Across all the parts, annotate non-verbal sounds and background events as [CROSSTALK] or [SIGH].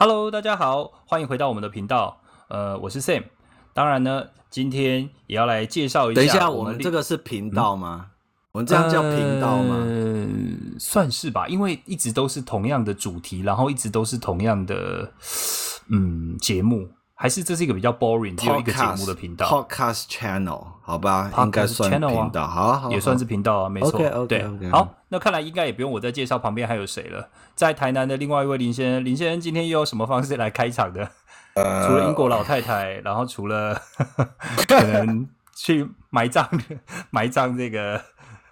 Hello，大家好，歡迎回到我們的頻道。呃，我是 Sam。當然呢，今天也要來介紹一下。等一下，我們這個是頻道嗎？嗯？我們這樣叫頻道嗎？呃，算是吧，因為一直都是同樣的主題，然後一直都是同樣的，嗯，節目。還是這是一個比較 boring 只有一個節目的頻道 podcast, podcast channel 好吧？Podcast 應該算是頻道，啊、好，好，好，也算是頻道啊，沒錯。Okay, okay, 對，okay. 好，那看來應該也不用我再介紹旁邊還有誰了。在台南的另外一位林先生，林先生今天又用什麼方式來開場的？呃、除了英國老太太， [LAUGHS] 然後除了可能去埋葬 [LAUGHS] 埋葬這個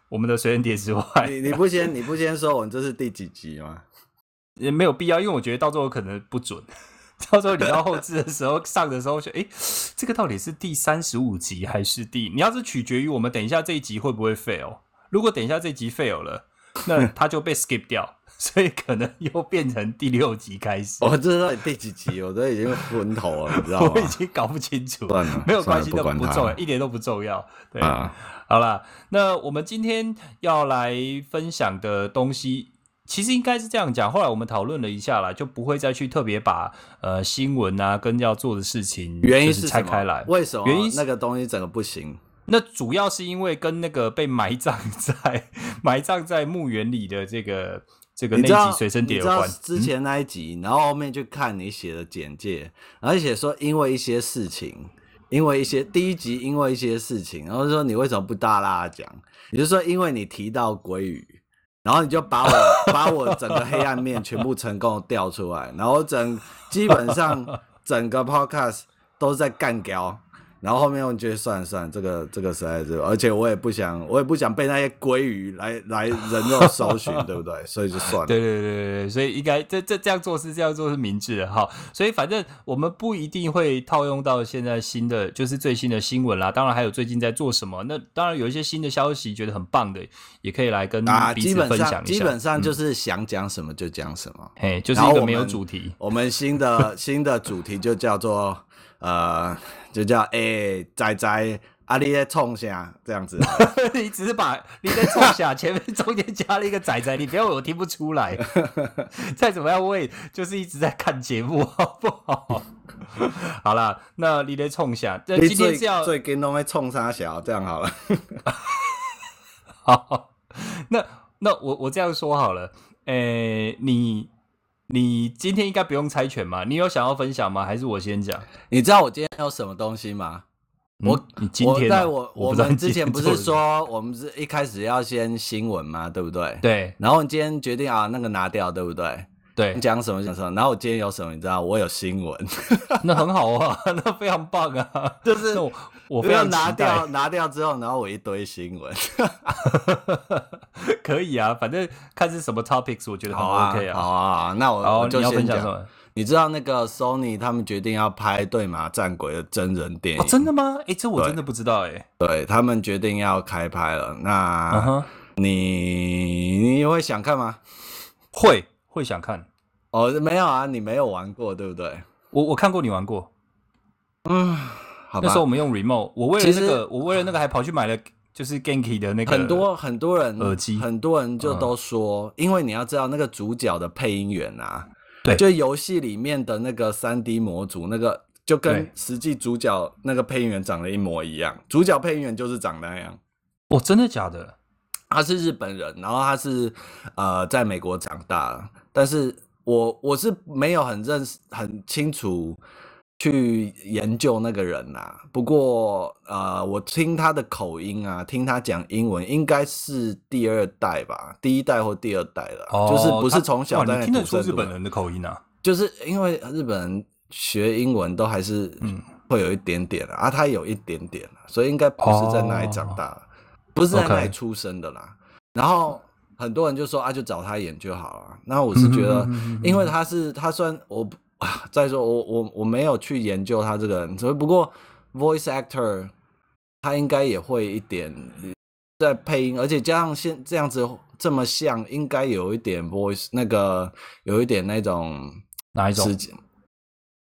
我們的隨身碟之外，你你不先你不先說我們這是第幾集嗎？也沒有必要，因為我覺得到最後可能不準。到時候你要後製的時候， [LAUGHS] 上的時候就哎、欸，這個到底是第三十五集還是第？你要是取決於我們，等一下這一集會不會 fail？如果等一下這一集 fail 了，那他就被 skip 掉， [LAUGHS] 所以可能又變成第六集開始。我這是第幾集？我都已經昏頭了，你知道嗎？我已經搞不清楚。 [LAUGHS] 了沒有關係，都不，不重要，一點都不重要。對，啊、好了，那我們今天要來分享的東西。其實應該是這樣講，後來我們討論了一下啦，就不會再去特別把呃新聞啊跟要做的事情原因是拆開來。為什麼原因那個東西整個不行？那主要是因為跟那個被埋葬在埋葬在墓園裡的這個這個那一集隨身碟你，你知道？有關。之前那一集，嗯、然後後面就看你寫的簡介，而且說因為一些事情，因為一些第一集因為一些事情，然後說你為什麼不大大講？也就是說，因為你提到鬼語。然後你就把我 [LAUGHS] 把我整個黑暗面全部成功調出來，然後整，基本上整個 podcast 都是在幹掉。然後後面我就算了算了，這個這個實在是，而且我也不想，我也不想被那些鮭魚來來人肉搜尋， [LAUGHS] 對不對？所以就算了。對對對對對，所以應該這這這樣做是這樣做是明智的哈。所以反正我們不一定會套用到現在新的，就是最新的新聞啦。當然還有最近在做什麼，那當然有一些新的消息，覺得很棒的，也可以來跟大家分享一下啊，基本上基本上就是想講什麼就講什麼，嗯、嘿，就是一個沒有主題。我們， [LAUGHS] 我們新的新的主題就叫做。呃，就叫誒、欸、仔仔，阿、啊、你來衝下這樣子。 [LAUGHS] 你只是把你在衝下 [LAUGHS] 前面中間加了一個仔仔，你不要我聽不出來。 [LAUGHS] 再怎麼樣，我也就是一直在看節目，好不好？ [LAUGHS] 好啦，那你得衝下。最今天是要最近儂來衝啥下？這樣好了。 [LAUGHS] [LAUGHS] 好，那那我我這樣說好了。誒、欸，你。你今天應該不用猜拳嗎？你有想要分享嗎？還是我先講？你知道我今天要什麼東西嗎？我、嗯、你今天、啊、我在我，我，我們之前不是說我們是一開始要先新聞嗎？對不對？對。然後你今天決定啊，那個拿掉，對不對？對，你講什麼講什麼，然後我今天有什麼你知道？我有新聞，那很好啊， [LAUGHS] 那非常棒啊！就是我不要拿掉，拿掉之後，然後我一堆新聞， [LAUGHS] [LAUGHS] 可以啊，反正看是什麼 topics，我覺得、okay、啊好啊，好啊。那我就先講，你，什麼，你知道那個 Sony 他們決定要拍《對馬戰鬼》的真人電影，哦、真的嗎？哎、欸，這我真的不知道誒、欸、對，對他們決定要開拍了，那你、uh huh. 你，你會想看嗎？會。會想看哦？沒有啊，你沒有玩過，對不對？我我看過，你玩過。嗯，好吧。那時候我們用 remote，我為了那個，實我為了那個還跑去買了，就是 Ganky 的那個很。很多很多人耳機，很多人就都說，嗯、因為你要知道，那個主角的配音員啊，對，就遊戲裡面的那個三 D 模組，那個就跟實際主角那個配音員長得一模一樣。對主角配音員就是長那樣。哦，真的假的？他是日本人，然後他是呃，在美國長大。但是我我是沒有很認識很清楚去研究那個人吶、啊。不過呃，我聽他的口音啊，聽他講英文，應該是第二代吧，第一代或第二代了，哦、就是不是從小在那出生。哇，你聽得出日本人的口音啊？就是因為日本人學英文都還是會有一點點啊，啊他有一點點、啊，所以應該不是在那長大的，哦、不是在那出生的啦。哦 okay、然後。很多人就說啊，就找他演就好了。那我是覺得，因為他是他雖然我啊。嗯哼嗯哼，再說我我我沒有去研究他這個人，只不過 voice actor 他應該也會一點在配音，而且加上現這樣子這麼像，應該有一點 voice 那個有一點那種哪一種？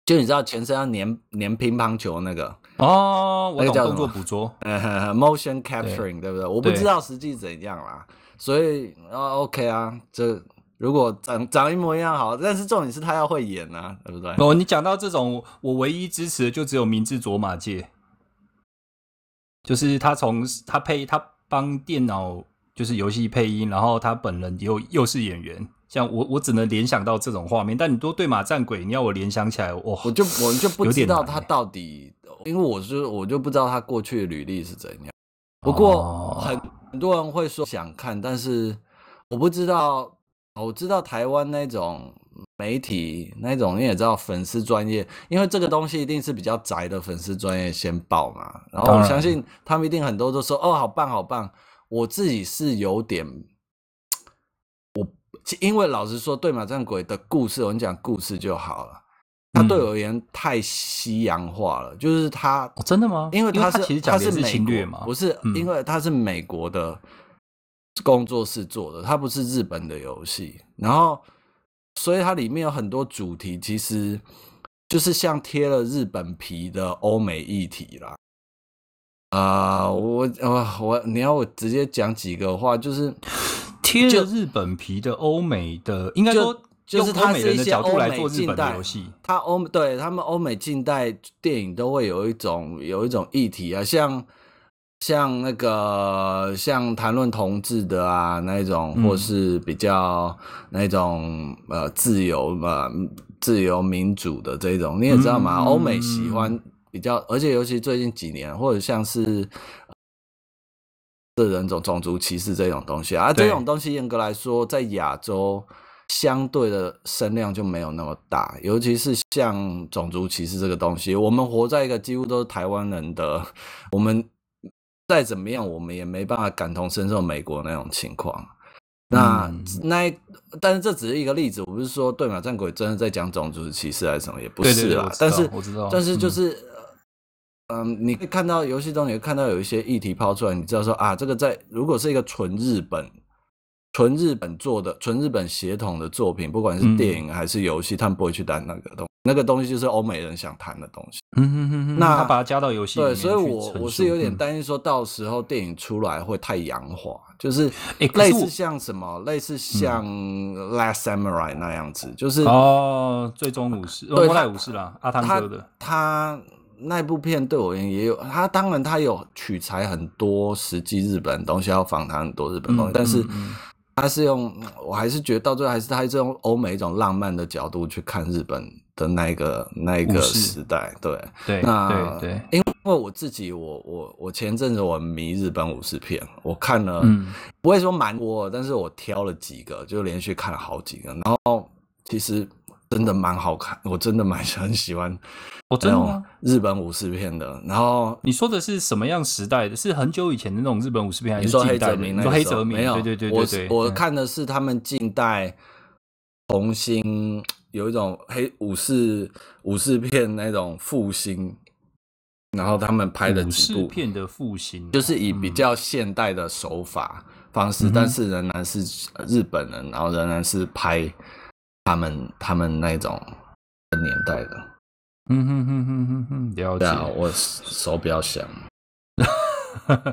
就你知道全身要粘粘乒乓球那個哦，我懂，叫動作捕捉 [LAUGHS] motion capturing，對，對不對？我不知道實際怎樣啦。所以啊、哦，OK 啊，這如果長長一模一樣好，但是重點是他要會演啊，對不對？哦，你講到這種，我唯一支持的就只有明智卓瑪借，就是他從他配他幫電腦就是遊戲配音，然後他本人又又是演員，像我我只能聯想到這種畫面。但你都對馬戰鬼，你要我聯想起來，我、哦、我就我就不知道他到底，因為我是我就不知道他過去的履歷是怎樣。不過、哦、很。很多人會說想看，但是我不知道。我知道台灣那種媒體那種，你也知道粉絲專業，因為這個東西一定是比較宅的粉絲專業先報嘛。然後我相信他們一定很多都說哦，好棒好棒。我自己是有點，我因為老實說，對馬戰鬼的故事，我跟你講故事就好了。它、嗯、對我而言太西洋化了，就是它、哦、真的嗎？因為它是它是，是美國嘛，嗯、因為他是美國的工作室做的，它不是日本的遊戲，然後所以它裡面有很多主題其實就是像貼了日本皮的歐美議題啦。啊、呃，我我、呃、我，你要我直接講幾個話，就是貼了日本皮的歐美的，應該說。就是他是一些歐美，美，美近代，他歐對他們歐美近代電影都會有一種有一種議題啊，像像那個像談論同志的啊，那一種或是比較那種、嗯、呃自由嘛、呃，自由民主的這種你也知道嘛，歐、嗯、美喜歡比較，而且尤其最近幾年或者像是，的、呃、人種種族歧視這種東西啊，對啊，這種東西嚴格來說在亞洲。相對的聲量就沒有那麼大，尤其是像種族歧視這個東西，我們活在一個幾乎都是台灣人的，我們再怎麼樣，我們也沒辦法感同身受美國那種情況。嗯、那那，但是這只是一個例子，我不是說對馬戰鬼真的在講種族歧視還是什麼，也不是啦。但是我知道，但是就是，嗯，呃、你會看到遊戲中你會看到有一些議題拋出來，你知道說啊，這個在如果是一個純日本。純日本做的，純日本協同的作品，不管是電影還是遊戲，他們不會去談那個東，那個東西就是歐美人想談的東西。嗯，那他把它加到遊戲。對，所以我我是有點擔心，說到時候電影出來會太洋化，就是類似像什麼類似像《Last Samurai》那樣子，就是哦，最終武士，對，武士了，阿湯哥的。他那部片對我而言也有，他當然他有取材很多實際日本東西，要訪談很多日本東西，但是。他是用，我還是覺得到最後還是他是用歐美一種浪漫的角度去看日本的那個那一個時代，對對，那對對，因為我自己我我我前陣子我迷日本武士片，我看了，嗯、不會說蠻多，但是我挑了幾個，就連續看了好幾個，然後其實真的蠻好看，我真的蠻很喜歡。我、哦、真日本武士片的，然後你說的是什麼樣時代的？是很久以前的那種日本武士片，還是說黑澤明，說黑澤明沒有，對對，對對對，我我看的是他們近代重新有一種黑武士對武士片那種復興，然後他們拍的幾部片的復興、啊，就是以比較現代的手法方式，嗯、但是仍然是日本人，然後仍然是拍他們他們那種年代的。嗯哼哼哼哼哼，了解。啊、我手錶響， [LAUGHS]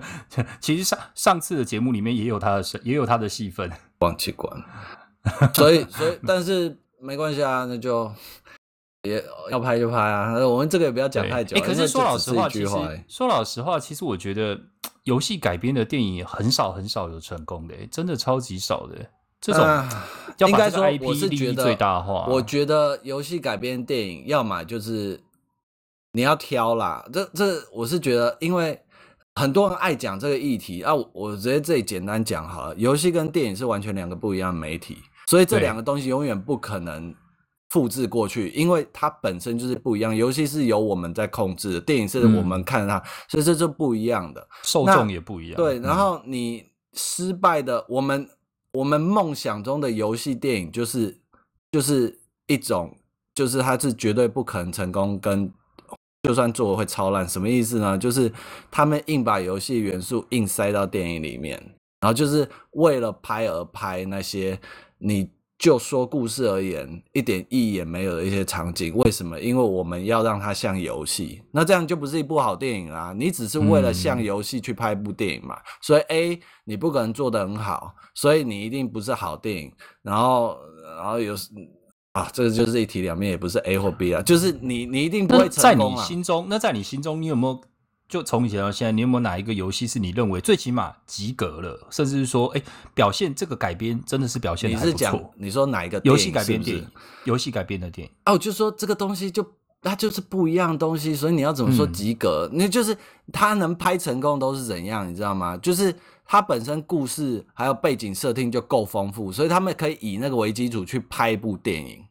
其實上上次的節目裡面也有他的，也有他的戲份，忘記關。 [LAUGHS] 所以所以，但是沒關係啊，那就也要拍就拍啊。我們這個也不要講太久，欸。可是說老實話，其實、欸、說老實話，其實我覺得遊戲改編的電影很少很少有成功的，欸，真的超級少的。這種、呃、這，應該說，我是覺得最大化。我覺得遊戲改編電影，要麼就是你要挑啦。這這，我是覺得，因為很多人愛講這個議題啊，我直接這裡簡單講好了。遊戲跟電影是完全兩個不一樣的媒體，所以這兩個東西永遠不可能複製過去，因為它本身就是不一樣。遊戲是由我們在控制的，電影是我們看它，所以這是不一樣的，受眾也不一樣。對，然後你失敗的，我們。我們夢想中的遊戲電影就是就是一種，就是它是絕對不可能成功跟，跟就算做會超爛，什麼意思呢？就是他們硬把遊戲元素硬塞到電影裡面，然後就是為了拍而拍那些你。就說故事而言，一點意義也沒有的一些場景，為什麼？因為我們要讓它像遊戲，那這樣就不是一部好電影啊！你只是為了像遊戲去拍一部電影嘛，嗯嗯嗯，所以 A 你不可能做得很好，所以你一定不是好電影。然後，然後有啊，這個就是一體兩面，也不是 A 或 B 啊，就是你你一定不會成功、啊、在你心中。那在你心中，你有沒有？就從以前到現在，你有沒有哪一個遊戲是你認為最起碼及格了，甚至是說，哎、欸，表現這個改編真的是表現的還不錯？你是講，你說哪一個遊戲改編電影是不是？遊戲改編的電影？電影哦，就說這個東西就它就是不一樣東西，所以你要怎麼說及格？那、嗯、就是它能拍成功都是怎樣，你知道嗎？就是它本身故事還有背景設定就夠豐富，所以他們可以以那個為基礎去拍一部電影。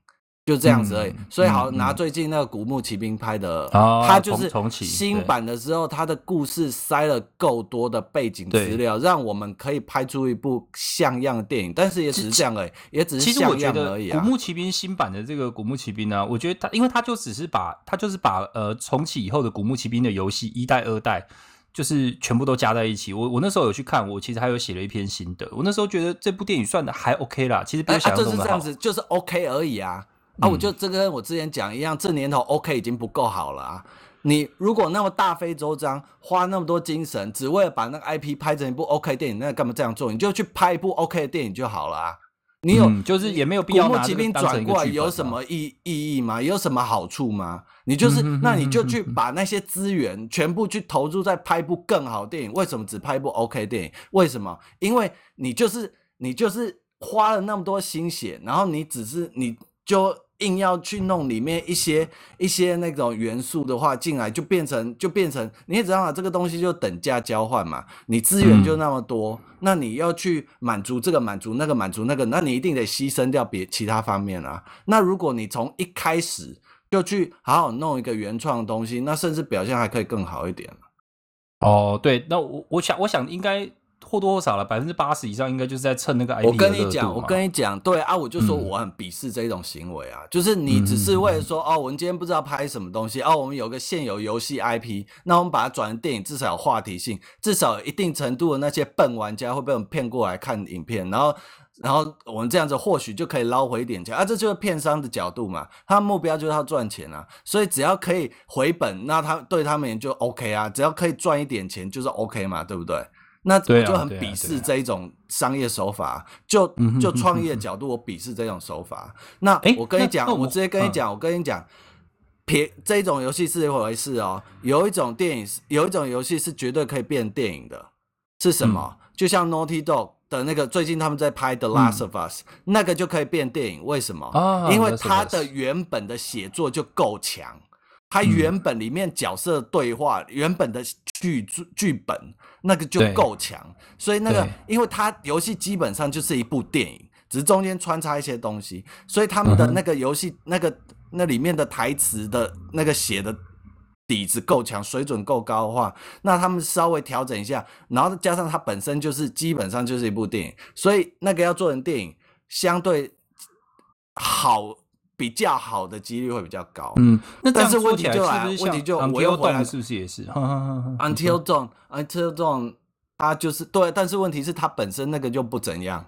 就這樣子而已，嗯、所以好、嗯、拿最近那個《古墓奇兵》拍的，他、哦、就是新版的時候，他的故事塞了夠多的背景資料，對讓我們可以拍出一部像樣的電影。對但是也只是這樣而已，其實也只是像樣而已啊。其實我覺得古墓奇兵新版的這個《古墓奇兵、啊》呢，我覺得他，因為他就只是把，他就是把呃重啟以後的《古墓奇兵》的遊戲一代、二代，就是全部都加在一起。我我那時候有去看，我其實還有寫了一篇心得，我那時候覺得這部電影算得還 OK 啦，其實不要、欸啊、就是這樣子，就是 OK 而已啊。啊，我就這跟我之前講一樣，這年頭 OK 已經不夠好了啊！你如果那麼大費周章，花那麼多精神，只為了把那個 IP 拍成一部 OK 電影，那幹嘛這樣做？你就去拍一部 OK 的電影就好了啊！你有就是也沒有必要把這當成一個有什麼意意義嗎？有什麼好處嗎？你就是那你就去把那些資源全部去投入在拍一部更好的電影。 [LAUGHS] 為什麼只拍一部 OK 的電影？為什麼？因為你就是你就是花了那麼多心血，然後你只是你就。硬要去弄裡面一些一些那種元素的話進來，就變成就變成，你也知道啊，這個東西就等價交換嘛。你資源就那麼多，嗯。那你要去滿足這個，滿足那個，滿足那個，那你一定得犧牲掉別其他方面啊。那如果你從一開始就去好好弄一個原創的東西，那甚至表現還可以更好一點。哦，對，那我我想我想應該。或多或少了百分之八十以上，應該就是在蹭那個 IP 熱度。我跟你講，我跟你講，對啊，我就說我很鄙視這種行為啊！嗯、就是你只是為了說，哦，我們今天不知道拍什麼東西，哦，我們有個現有遊戲 IP，那我們把它轉成電影，至少有話題性，至少有一定程度的那些笨玩家會被我們騙過來看影片，然後，然後我們這樣子或許就可以撈回一點錢啊！這就是片商的角度嘛，他目標就是要賺錢啊，所以只要可以回本，那他對他們也就 OK 啊，只要可以賺一點錢就是 OK 嘛，對不對？那我就很鄙視這一種商業手法，就就創業角度，我鄙視這種手法。那我跟你講，我直接跟你講，我跟你講，別，這種遊戲是一回事哦。有一種電影，有一種遊戲是絕對可以變電影的，是什麼？就像 Naughty Dog 的那個，最近他們在拍《The Last of Us》，那個就可以變電影。為什麼？因為它的原本的寫作就夠強，它原本裡面角色對話，原本的劇劇本。那個就夠強，對所以那個，對因為他遊戲基本上就是一部電影，只是中間穿插一些東西，所以他們的那個遊戲，嗯、哼那個那裡面的台詞的那個寫的底子夠強，水準夠高的話，那他們稍微調整一下，然後再加上它本身就是基本上就是一部電影，所以那個要做成電影相對好。.比較好的幾率會比較高，嗯，那但是問題就來，來是是問題就像 Until 我又回來是不是也是 [LAUGHS] ？Until Dawn，Until Dawn，就是對，但是問題是它本身那個就不怎樣，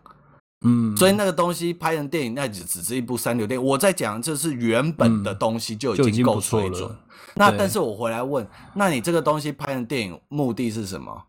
嗯，所以那個東西拍成電影那只只是一部三流電影。我在講就是原本的東西就已經夠水準，嗯、了那對但是我回來問，那你這個東西拍成電影目的是什麼？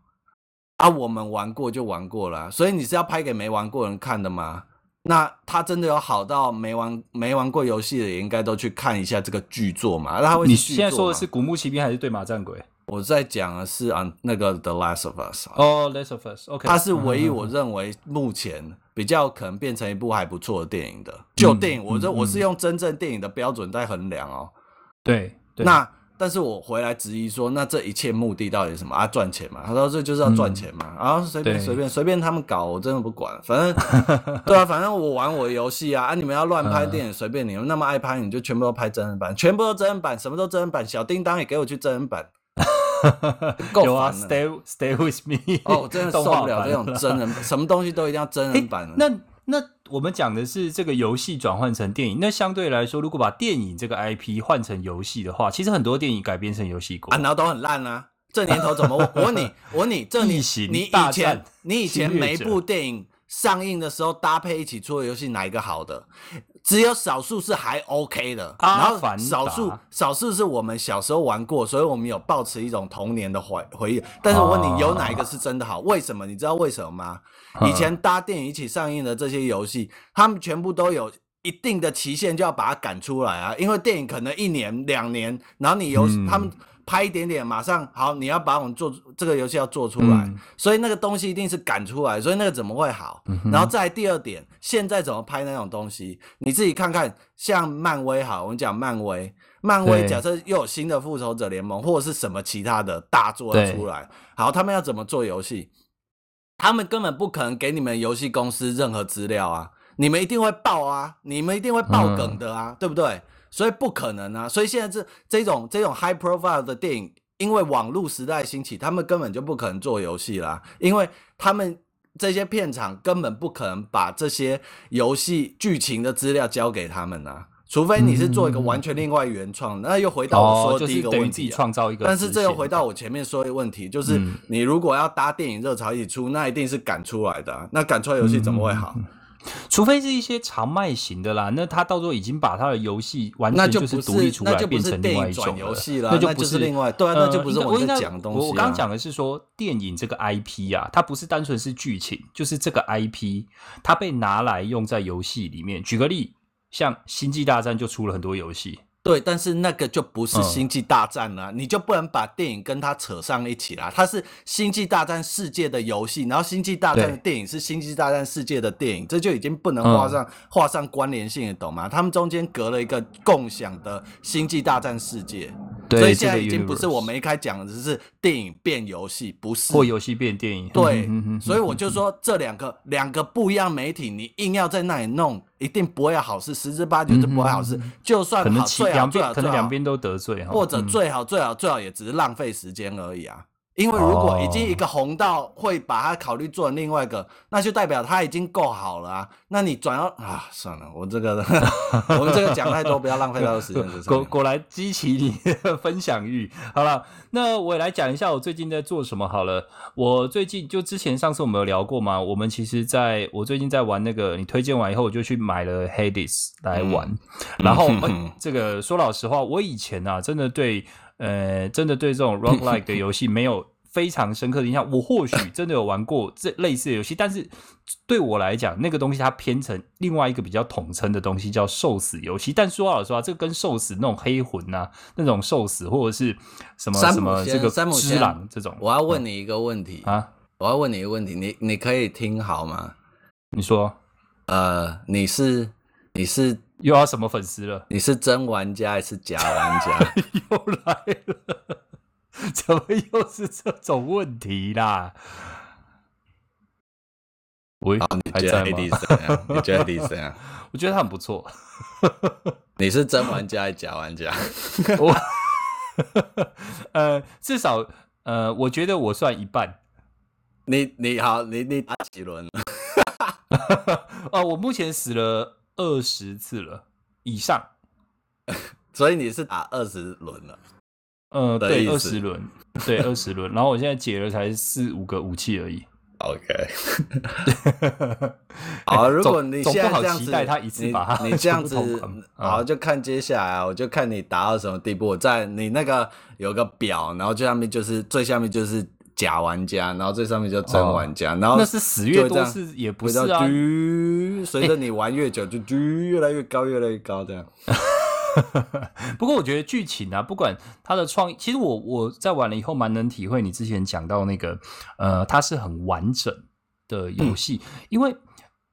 啊，我們玩過就玩過了，所以你是要拍給沒玩過人看的嗎？那他真的有好到沒玩沒玩過遊戲的也應該都去看一下這個劇作嘛？那他會你現在說的是《古墓奇兵》還是《對馬戰鬼》？我在講的是啊，那個《The Last of Us》哦，《Last of Us》OK，它是唯一我認為目前比較可能變成一部還不錯的電影的。嗯、就電影，嗯、我這我是用真正電影的標準在衡量哦。對，對那。但是我回來質疑說，那這一切目的到底是什麼啊？賺錢嘛？他說這就是要賺錢嘛。然後隨便隨便隨對便他們搞，我真的不管，反正 [LAUGHS] 對啊，反正我玩我的遊戲啊。啊，你們要亂拍電影，隨、嗯、便你。你們那麼愛拍，你就全部都拍真人版，全部都真人版，什麼都真人版。小叮噹也給我去真人版， [LAUGHS] Go, 有啊了 Stay stay with me。哦，我真的受不了這種真人版， [LAUGHS] 什麼東西都一定要真人版、欸。那那。我們講的是這個遊戲轉換成電影，那相對來說，如果把電影這個 IP 換成遊戲的話，其實很多電影改編成遊戲過，啊，然後都很爛啊！這年頭怎麼？ [LAUGHS] 我問你，我問你，這你你以前你以前每一部電影上映的時候搭配一起出的遊戲哪一個好的？只有少數是還 OK 的，啊，然後少數反打少數是我們小時候玩過，所以我們有抱持一種童年的回憶。但是我問你，有哪一個是真的好？啊，為什麼？你知道為什麼嗎？以前搭電影一起上映的這些遊戲，他們全部都有一定的期限，就要把它趕出來啊！因為電影可能一年、兩年，然後你遊戲、嗯、他們拍一點點，馬上好，你要把我們做這個遊戲要做出來，嗯、所以那個東西一定是趕出來，所以那個怎麼會好？嗯、哼然後再來第二點，現在怎麼拍那種東西？你自己看看，像漫威好，我們講漫威，漫威假設又有新的復仇者聯盟對或者是什麼其他的大作出來，對好，他們要怎麼做遊戲？他們根本不可能給你們遊戲公司任何資料啊！你們一定會爆啊！你們一定會爆梗的啊，嗯、對不對？所以不可能啊！所以現在這這種這種 high profile 的電影，因為網絡時代興起，他們根本就不可能做遊戲啦，因為他們這些片場根本不可能把這些遊戲劇情的資料交給他們啊。除非你是做一個完全另外原創，嗯、那又回到我說第一個問題、啊哦、就是等於自己創造一個。但是這又回到我前面說的問題，嗯、就是你如果要搭電影熱潮一起出，那一定是趕出來的。那趕出來遊戲怎麼會好？嗯。除非是一些長賣型的啦，那他到時候已經把他的遊戲完全就是獨立出來，那就不是，那就不是電影轉遊戲了，那就不是，就是另外對，啊，呃、那就不是我在講的東西啊。我剛講的是說電影這個 IP 啊，它不是單純是劇情，就是這個 IP 它被拿來用在遊戲裡面。舉個例。像《星際大戰》就出了很多遊戲。對，但是那個就不是星際大戰了，啊，嗯、你就不能把電影跟它扯上一起啦。它是星際大戰世界的遊戲，然後星際大戰的電影是星際大戰世界的電影，對這就已經不能畫上畫，嗯、上關聯性了，懂嗎？他們中間隔了一個共享的星際大戰世界，對所以現在已經不是我們一開講的，只是電影變遊戲，不是或遊戲變電影。對，嗯、哼哼哼哼，所以我就說，這兩個兩個不一樣媒體，你硬要在那裡弄，一定不會好事，十之八九就不會好事。嗯、哼哼哼，就算好，事兩邊可能兩邊都得罪，最好、或者最好、嗯、最好最好也只是浪費時間而已啊。因為如果已經一個紅道會把它考慮做另外一個，oh. 那就代表它已經夠好了啊。那你轉要啊，算了，我這個， [LAUGHS] 我們這個講太多，不要浪費他的時間。 [LAUGHS] 果果來激起你的分享欲， [LAUGHS] 好了，那我也來講一下我最近在做什麼。好了，我最近就之前上次我們有聊過嘛，我們其實在我最近在玩那個，你推薦完以後我就去買了 Hades 來玩。嗯、然後、嗯哼哼欸、這個說老實話，我以前啊，真的對，呃，真的對這種 Roguelike 的遊戲沒有。 [LAUGHS] 非常深刻的印象。我或許真的有玩過這類似的遊戲，但是對我來講，那個東西它偏成另外一個比較統稱的東西，叫“受死遊戲”。但說老實話，這個、跟受死那種黑魂啊，那種受死或者是什麼什麼這個《三浦之狼》這種，我要問你一個問題啊！我要問你一個問題，你你可以聽好嗎？你說，呃，你是你是又要什麼粉絲了？你是真玩家還是假玩家？ [LAUGHS] 又來了。 [LAUGHS] 怎麼又是這種問題啦？喂，Oh, 你覺得 Hades 啊？ [LAUGHS] 你覺得 Hades 啊？我覺得他很不錯。 [LAUGHS] 你是真玩家還是假玩家？ [LAUGHS] 我 [LAUGHS] 呃，至少呃，我覺得我算一半你。你你好，你你打幾輪？ [LAUGHS] [LAUGHS] 哦，我目前死了二十次了以上， [LAUGHS] 所以你是打二十輪了。嗯，對，二十輪，對，二十輪。然後我現在解了才四五個武器而已。OK。好，如果你現在這樣子，你這樣子，好，就看接下來，我就看你達到什麼地步。在你那個有個表，然後最上面就是，最下面就是假玩家，然後最上面就真玩家，然後那是死越多是也不是啊？隨着你玩越久，就就越來越高，越來越高這樣。 [LAUGHS] 不過我覺得劇情啊，不管它的創意，其實我我在玩了以後，蠻能體會你之前講到那個，呃，它是很完整的遊戲，因為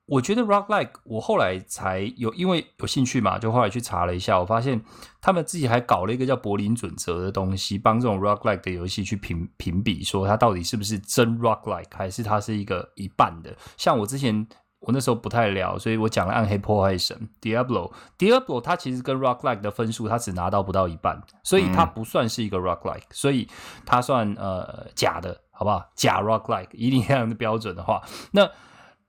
我覺得 rogue like 我後來才有，因為有興趣嘛，就後來去查了一下，我發現他們自己還搞了一個叫柏林準則的東西，幫這種 rogue like 的遊戲去評評比，說它到底是不是真 rogue like，還是它是一個一半的，像我之前。我那時候不太聊，所以我講了《暗黑破壞神》（Diablo）。Diablo 它其實跟 Roguelike 的分數，它只拿到不到一半，所以它不算是一個 Roguelike，所以它算、嗯、呃假的，好不好？假 Roguelike，一定這樣的標準的話，那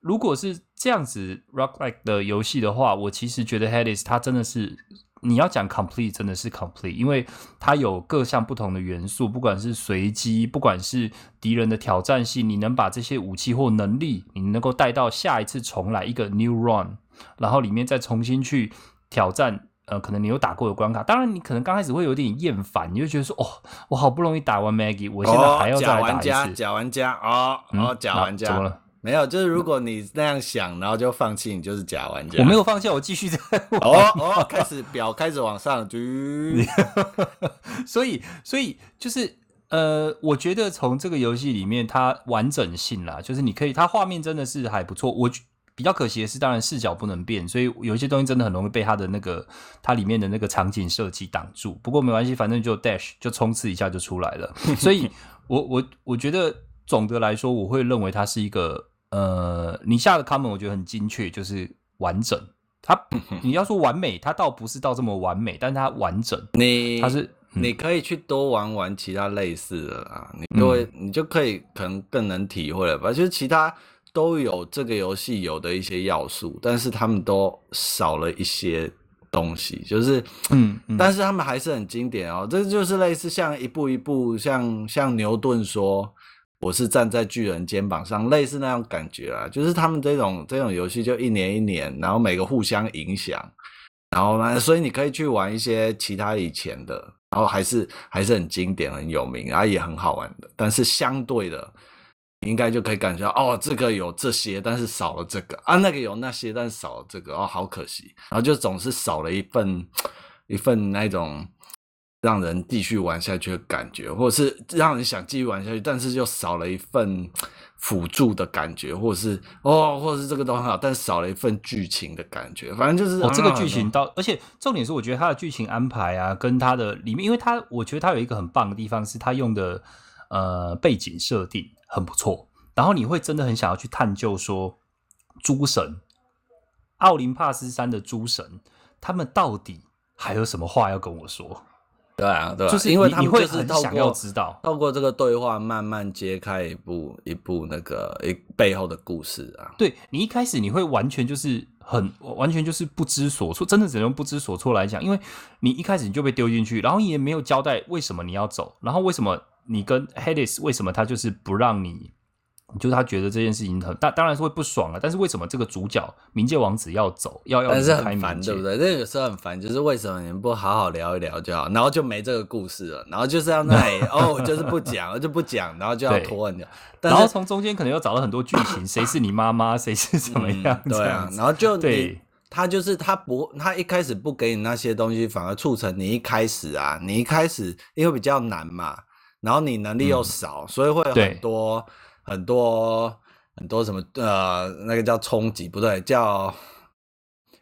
如果是這樣子 Roguelike 的遊戲的話，我其實覺得 Hades 它真的是。你要講 complete 真的是 complete，因為它有各項不同的元素，不管是隨機，不管是敵人的挑戰性，你能把這些武器或能力，你能夠帶到下一次重來一個 new run，然後裡面再重新去挑戰，呃，可能你有打過的關卡，當然你可能剛開始會有點厭煩，你就覺得說，哦，我好不容易打完 Maggie，我現在還要再打一次，哦。假玩家，假玩家，哦嗯哦，假玩家，沒有，就是如果你那樣想，然後就放棄，你就是假玩家。我沒有放棄，我繼續在玩。哦哦，開始表 [LAUGHS] 開始往上， [LAUGHS] 所以所以就是呃，我覺得從這個遊戲裡面，它完整性啦，就是你可以，它畫面真的是還不錯。我比較可惜的是，當然視角不能變，所以有一些東西真的很容易被它的那個它裡面的那個場景設計擋住。不過沒關係，反正就 dash 就衝刺一下就出來了。所以，我我我覺得總的來說，我會認為它是一個。呃，你下的《Common》我覺得很精確，就是完整。它你要說完美，它倒不是到這麼完美，但它完整。你它是，嗯、你可以去多玩玩其他類似的啊，你多你就可以可能更能體會了吧。嗯、就是其他都有這個遊戲有的一些要素，但是他們都少了一些東西。就是嗯，嗯但是他們還是很經典哦。這就是類似像一步一步，像像牛頓說。我是站在巨人肩膀上，類似那種感覺啊，就是他們這種這種遊戲就一年一年，然後每個互相影響，然後呢，所以你可以去玩一些其他以前的，然後還是還是很經典、很有名啊，也很好玩的。但是相對的，應該就可以感覺到，哦，這個有這些，但是少了這個啊，那個有那些，但是少了這個哦，好可惜，然後就總是少了一份一份那種。讓人繼續玩下去的感覺，或者是讓人想繼續玩下去，但是又少了一份輔助的感覺，或者是哦，或者是這個都很好，但少了一份劇情的感覺。反正就是、哦、這個劇情到，嗯嗯、而且重點是，我覺得它的劇情安排啊，跟它的裡面，因為它我覺得它有一個很棒的地方，是它用的呃背景設定很不錯。然後你會真的很想要去探究說，諸神奧林帕斯山的諸神，他們到底還有什麼話要跟我說？對啊，對啊，就是你因為他們你會很想要知道透，透過這個對話慢慢揭開一部一部那個一背後的故事啊。對，你一開始你會完全就是很完全就是不知所措，真的只能不知所措來講，因為你一開始你就被丟進去，然後也沒有交代為什麼你要走，然後為什麼你跟 Hades 為什麼他就是不讓你。就是他覺得這件事情很大，當當然是會不爽了，啊。但是為什麼這個主角冥界王子要走，要要離開冥界？是對不對？這個是很煩，就是為什麼你們不好好聊一聊就好，然後就沒這個故事了，然後就是要那裡 [LAUGHS] 哦，就是不講， [LAUGHS] 就不講，然後就要拖很久。對但是然後從中間可能又找了很多劇情，誰 [LAUGHS] 是你媽媽，誰是什麼樣，樣子，嗯？對啊。然後就你對，他就是他不，他一開始不給你那些東西，反而促成你一開始啊，你一開始因為比較難嘛，然後你能力又少，嗯，所以會有很多。很多很多什麼呃，那個叫衝擊不對，叫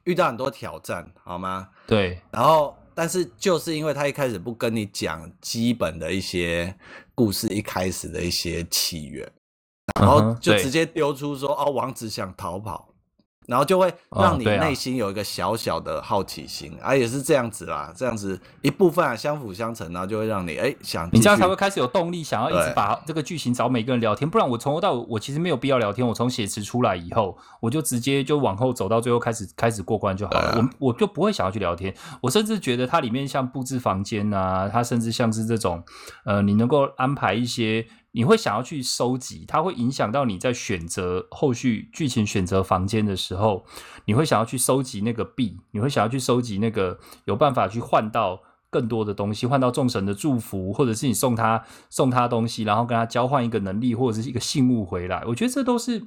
遇到很多挑戰，好嗎？對。然後，但是就是因為他一開始不跟你講基本的一些故事，一開始的一些起源，然後就直接丟出說、Uh-huh，哦，王子想逃跑。然後就會讓你內心有一個小小的好奇心，哦、啊，啊也是這樣子啦，這樣子一部分啊相輔相成、啊，然後就會讓你哎想，你這樣才會開始有動力，想要一直把這個劇情找每個人聊天。對不然我從頭到尾，我其實沒有必要聊天，我從寫詞出來以後，我就直接就往後走到最後開始開始過關就好了。啊、我我就不會想要去聊天，我甚至覺得它裡面像布置房間啊，它甚至像是這種呃，你能夠安排一些。你會想要去收集，它會影響到你在選擇後續劇情、選擇房間的時候，你會想要去收集那個幣，你會想要去收集那個有辦法去換到更多的東西，換到眾神的祝福，或者是你送他送他東西，然後跟他交換一個能力，或者是一個信物回來。我覺得這都是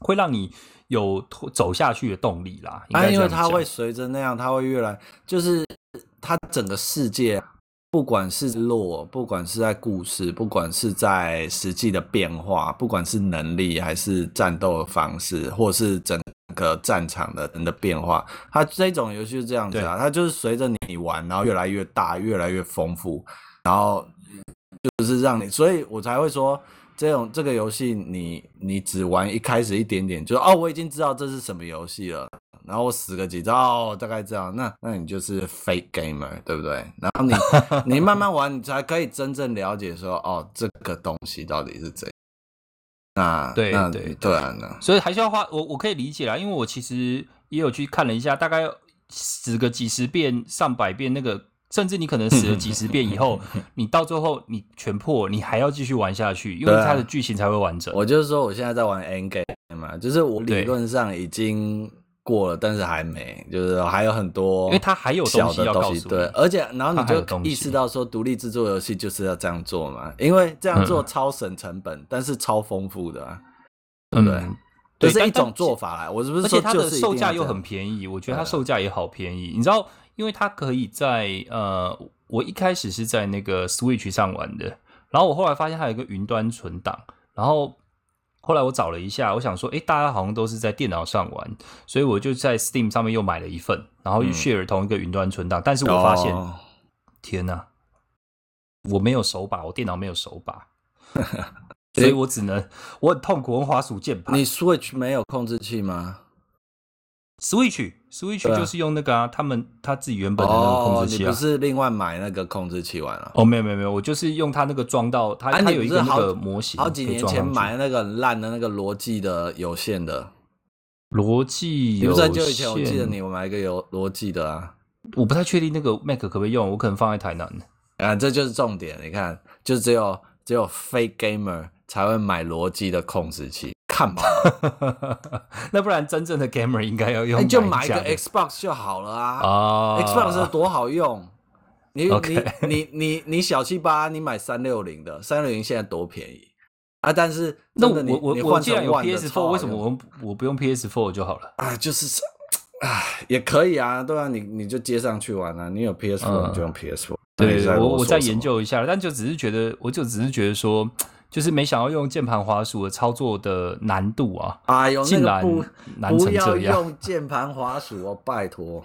會讓你有走下去的動力啦。啊，因為它會隨着那樣，它會越來，就是它整個世界啊。不管是落，不管是在故事，不管是在實際的變化，不管是能力還是戰鬥的方式，或是整個戰場的人的變化，它這種遊戲是這樣子啊，對它就是隨着你玩，然後越來越大，越來越豐富，然後就是讓你，所以我才會說，這種這個遊戲你，你你只玩一開始一點點，就哦，我已經知道這是什麼遊戲了。然後我死個幾招、哦，大概這樣。那那你就是 fake gamer，對不對？然後你 [LAUGHS] 你慢慢玩，你才可以真正了解說，哦，這個東西到底是怎、這個？那對對對，所以還需要花我我可以理解啦，因為我其實也有去看了一下，大概死個幾十遍、上百遍，那個甚至你可能死了幾十遍以後， [LAUGHS] 你到最後你全破，你還要繼續玩下去，因為它的劇情才會完整。啊、我就是說，我現在在玩 endgame 嘛，就是我理論上已經。過了，但是還沒，就是還有很多，因為它還有小的東西，東西要告訴對，而且然後你就意識到說，獨立制作遊戲就是要這樣做嘛，因為這樣做超省成本，嗯、但是超豐富的、啊，對不、嗯、對？這、就是一種做法啊。嗯、我是不是說是而且它的售價又很便宜？我覺得它售價也好便宜。了你知道，因為它可以在呃，我一開始是在那個 Switch 上玩的，然後我後來發現它有一個雲端存檔，然後。後來我找了一下，我想說，誒、欸，大家好像都是在電腦上玩，所以我就在 Steam 上面又買了一份，然後又 share 同一個雲端存檔。嗯、但是我發現，oh. 天哪，啊，我沒有手把，我電腦沒有手把， [LAUGHS] 所以我只能，我很痛苦，我用滑鼠鍵盤。你 Switch 沒有控制器嗎？Switch Switch 對對就是用那個啊，他們他自己原本的那個控制器、啊，哦、不是另外買那個控制器玩、啊、了？哦，沒有沒有沒有，我就是用他那個裝到，它啊，他有一個，個模型、啊，好幾，好幾年前買那個很爛的那個邏輯的有線的邏輯有限，不是就以前我記得你我買一個有邏輯的啊，我不太確定那個 Mac 可不可以用，我可能放在台南啊，這就是重點，你看，就只有只有非 gamer 才會買邏輯的控制器。看吧， [LAUGHS] [LAUGHS] 那不然真正的 gamer 應該要用的、欸，就買一個 Xbox 就好了啊、oh.！Xbox 多好用，你 Okay. 你你你你小氣吧、啊，你買三六零的，三六零現在多便宜啊！但是你那我我你我既然有 PS4，為什麼我我不用 PS4 就好了？啊，就是啊，也可以啊，對啊，你你就接上去玩啊。你有 PS4 就用 PS4、嗯。對，對我我，我再研究一下，但就只是覺得，我就只是覺得說。就是沒想要用鍵盤滑鼠的操作的難度啊！啊，有那個不，竟然難成這樣，不要用鍵盤滑鼠哦，拜託，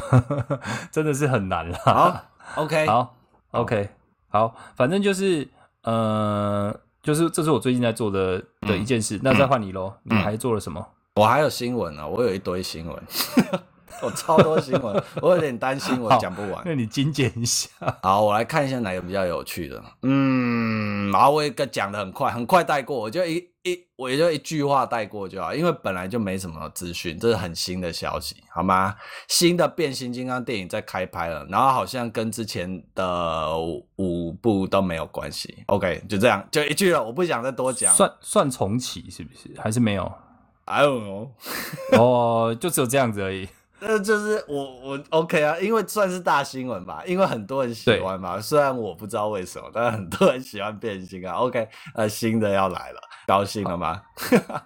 [LAUGHS] 真的是很難啦。好，OK，好，OK，、哦、好，反正就是，呃，就是這是我最近在做的的一件事。嗯、那再換你嘍，嗯、你還做了什麼？我還有新聞啊，我有一堆新聞。 [LAUGHS] 我、喔、超多新聞， [LAUGHS] 我有點擔心我講不完，那你精簡一下。好，我來看一下哪個比較有趣的。嗯，然後我也跟，講得很快，很快帶過，我就一一，我也就一句話帶過就好，因為本來就沒什麼資訊，這是很新的消息，好嗎？新的變形金剛電影在開拍了，然後好像跟之前的五部都沒有關係。OK，就這樣，就一句了，我不想再多講。算算重啟是不是？還是沒有？哎呦，哦，就只有這樣子而已。那就是我我 OK 啊，因為算是大新聞吧，因為很多人喜歡嘛。對雖然我不知道為什麼，但很多人喜歡變心啊。OK，那新的要來了，高興了嗎？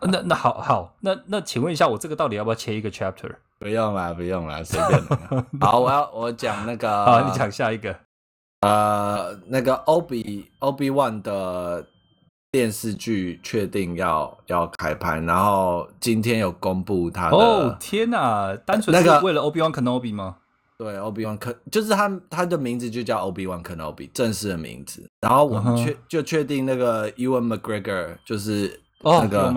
那那好好，那那，好好那，那請問一下，我這個到底要不要切一個 chapter？不用了，不用了，隨便、啊。 [LAUGHS] 好，我要我講那個，好，你講下一個。呃，那個 Obi, Obi-Wan 的。電視劇確定要要開拍，然後今天有公布他的、那個、哦天哪、啊，單純是為了 wan Obi Wan Kenobi 嗎？那個、對，Obi Wan Ken 就是他他的名字就叫 wan Obi Wan Kenobi，正式的名字。然後我們確就確定那個 Ewan McGregor 就是那個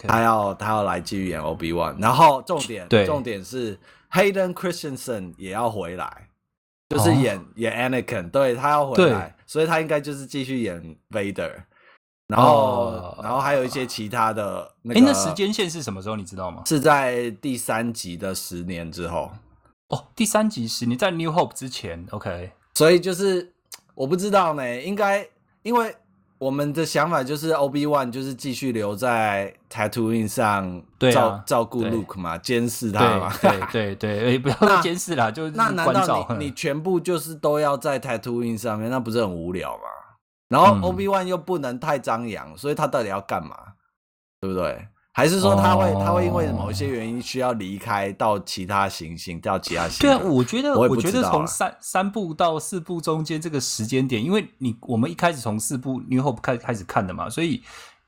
他要他要來繼續演 Obi Wan，然後重點對重點是 Hayden Christensen 也要回來，就是演、哦、演 Anakin，對，他要回來，對所以他應該就是繼續演 Vader。然後，哦、然後還有一些其他的那個。時間線是什麼時候？你知道嗎？是在第三集的十年之後哦。第三集是你在 New Hope 之前，OK？所以就是我不知道呢，應該因為我們的想法就是 Obi-Wan 就是繼續留在 Tatooine 上照對，啊、照顧 Luke 嘛，監對視他嘛。 [LAUGHS] 對，對對對，也不要監視啦， [LAUGHS] 就，就是那，那難道你，呵呵你全部就是都要在 Tatooine 上面？那不是很無聊嗎？然後 Obi-Wan 又不能太張揚，嗯、所以他到底要幹嘛，對不對？還是說他會、哦、他會因為某一些原因需要離開到其他行星，到其他行星？對啊，我覺得我,、啊、我覺得從三三部到四部中間這個時間點，因為你我們一開始從四部 New Hope 開始看的嘛，所以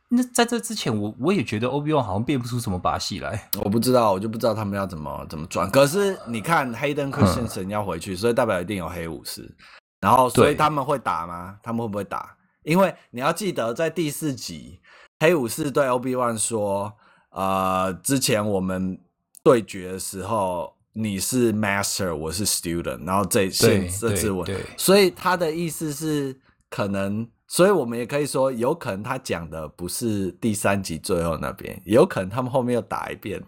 那在這之前我，我我也覺得 Obi-Wan 好像變不出什麼把戲來。我不知道，我就不知道他們要怎麼怎麼轉。可是你看、嗯，Hayden Christensen 要回去，所以代表一定有黑武士。然後，所以他們會打嗎？他們會不會打？因為你要記得，在第四集，黑武士對 Obi Wan 說：“呃，之前我們對決的時候，你是 Master，我是 Student，然後這一，對這是這次我。對”對，所以他的意思是，可能，所以我們也可以說，有可能他講的不是第三集最後那邊，有可能他們後面又打一遍。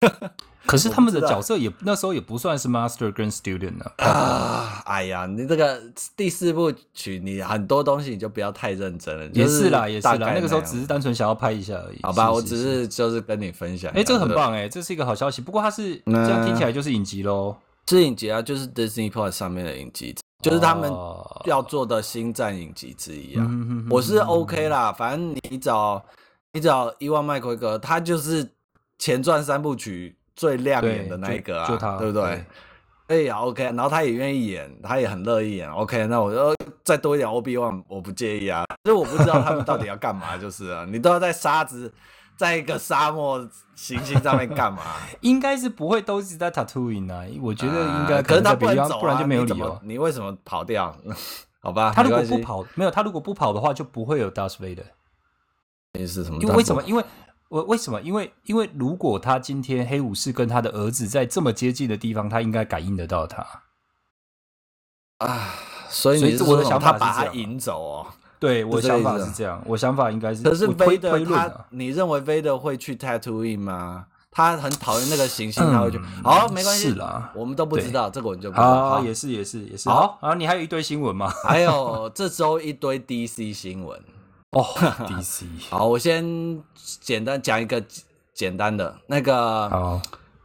[LAUGHS] 可是他們的角色也那時候也不算是 master 跟 student 啊。啊，哎呀，你這個第四部曲，你很多東西你就不要太認真了。也是啦，也是啦，那個時候只是單純想要拍一下而已。好吧，我只是就是跟你分享。哎，這個很棒哎，這是一個好消息。不過它是這樣聽起來就是影集嘍，是影集啊，就是 Disney Plus 上面的影集，就是他們要做的星戰影集之一啊。我是 OK 啦，反正你找你找伊萬麥奎格，他就是前傳三部曲。最亮眼的那一個啊，就他，對不對？哎呀，OK，然後他也願意演，他也很樂意演。OK，那我就再多一點 Obi-Wan，我不介意啊。所以我不知道他們到底要幹嘛，就是啊，你都要在沙子，在一個沙漠行星上面幹嘛？應該是不會都是在 Tatooine 啊，我覺得應該。可是他不走，不然就沒有理由。你為什麼跑掉？好吧，他如果不跑，沒有他如果不跑的話，就不會有 Darth Vader。意思什麼？因為什麼？因為。為為什麼？因為因為如果他今天黑武士跟他的兒子在這麼接近的地方，他應該感應得到他啊。所以我的想法是他把他引走哦。對，我的想法是這樣。我想法應該是。可是 Vader，他，你認為 Vader 會去 Tatooine 嗎？他很討厭那個行星，他會去。好，沒關係啦。我們都不知道這個，我們就不知道啊，也是也是也是。好啊，你還有一堆新聞嗎？還有這周一堆 DC 新聞。哦，DC，好，我先簡單講一個簡單的那個，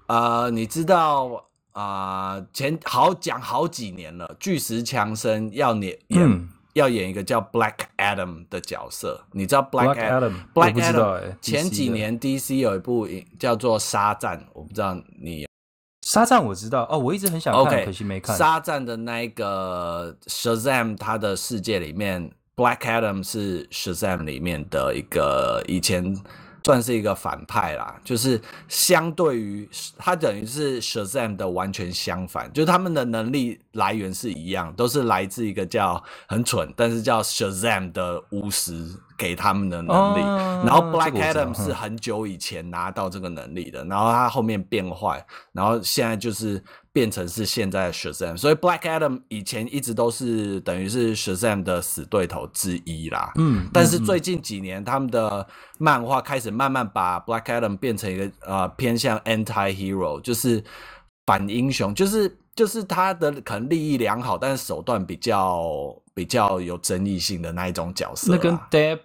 呃，你知道啊，前好講好幾年了，巨石強森要演，要演一個叫 Black Adam 的角色，你知道 Black Adam？Black Adam，前幾年 DC 有一部叫做《沙贊》，我不知道你《沙贊》我知道哦，我一直很想看，OK，可惜沒看《沙贊》的那一個 Shazam，他的世界裡面。Black Adam 是 Shazam 裡面的一個，以前算是一個反派啦，就是相對於他等於是 Shazam 的完全相反，就是他們的能力來源是一樣，都是來自一個叫很蠢但是叫 Shazam 的巫師給他們的能力。然後 Black Adam 是很久以前拿到這個能力的，然後他後面變壞，然後現在就是。變成是現在的 Shazam，所以 Black Adam 以前一直都是等於是 Shazam 的死對頭之一啦。嗯，但是最近幾年、嗯、他們的漫畫開始慢慢把 Black Adam 變成一個呃偏向 antihero，就是反英雄，就是就是他的可能立意良好，但是手段比較比較有爭議性的那一種角色。那跟 Dare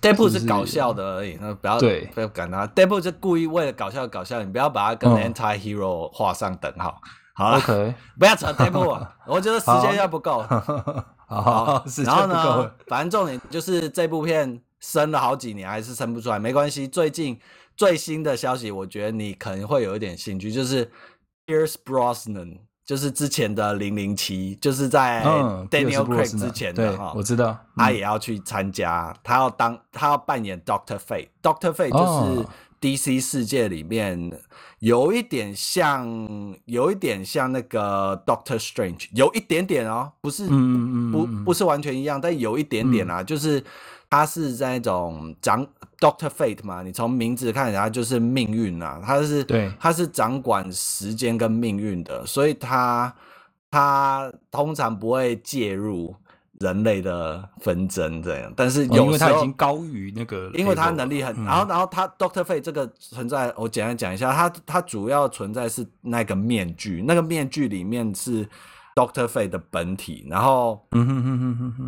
Deadpool 是搞笑的而已，是不是？那不要對不要跟他。Deadpool 是故意為了搞笑的搞笑，你不要把它跟 Anti-Hero，嗯、畫上等號。好了，Okay. 不要扯 Deadpool， [LAUGHS] 我覺得時間又不夠。 [LAUGHS] 好，好好然後呢？反正重點就是這部片生了好幾年還是生不出來，沒關係。最近最新的消息，我覺得你可能會有一點興趣，就是 Pierce Brosnan。就是之前的零零七，就是在 Daniel,、嗯、Daniel Craig 之前的哈，我知道，嗯、他也要去參加，他要當他要扮演 Doctor Fate，Doctor Fate 就是 DC 世界裡面有一點像，哦、有一點像那個 Doctor Strange，有一點點哦、喔，不是、嗯嗯、不不是完全一樣，但有一點點啊，嗯、就是。他是在那一種掌 Doctor Fate 嘛，你從名字看起來他就是命運啊，他是，對，他是掌管時間跟命運的，所以他他通常不會介入人類的紛爭這樣，但是、哦、因為他已經高於那個，因為他能力很，然後然後他 Doctor Fate 這個存在，嗯、我簡單講一下，他他主要存在是那個面具，那個面具裡面是。Doctor Fate 的本體，然後，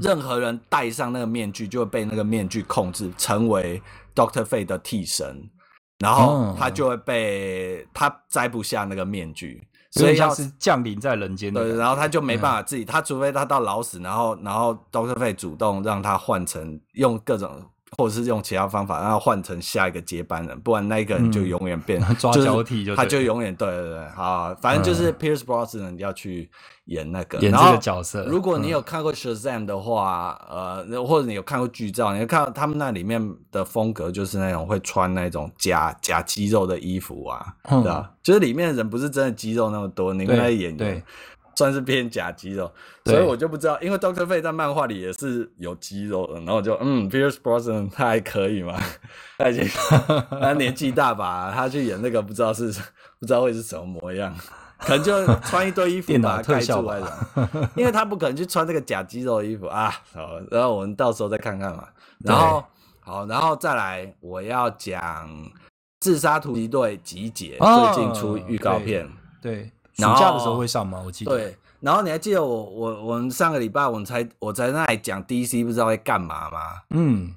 任何人戴上那個面具，就會被那個面具控制，成為 Doctor Fate 的替身，然後他就會被他摘不下那個面具，嗯、所以他是降臨在人間的，然後他就沒辦法自己，嗯、他除非他到老死，然後然後 Doctor Fate 主動讓他換成用各種。或者是用其他方法，然後換成下一個接班人，不然那一個人就永遠變，他、嗯、抓交替，就他就永遠。對了，對對，好，反正就是 Pierce Brosnan、嗯、要去演那個演這個角色。後嗯、如果你有看過 Shazam 的話，呃，或者你有看過劇照，你會看到他們那裡面的風格就是那種會穿那種假假肌肉的衣服啊，對、嗯、吧？就是裡面的人不是真的肌肉那麼多，你們那演員。對對算是偏假肌肉，所以我就不知道，對因為 Doctor 費在漫畫裡也是有肌肉的，然後我就嗯，Pierce Brosnan 他還可以嘛， [LAUGHS] 他可以，他年紀大吧，他去演那個不知道是不知道會是什麼模樣？可能就穿一堆衣服把蓋住來了。 [LAUGHS] 特 [LAUGHS] 因為他不可能去穿這個假肌肉的衣服啊。好，然後我們到時候再看看嘛。然後對好，然後再來，我要講自殺突擊隊集結、啊、最近出預告片，對。對暑假的時候會上嗎？我記得。對，然後你還記得我我我們上個禮拜我們才我才在那裡講 DC 不知道在幹嘛嗎？嗯。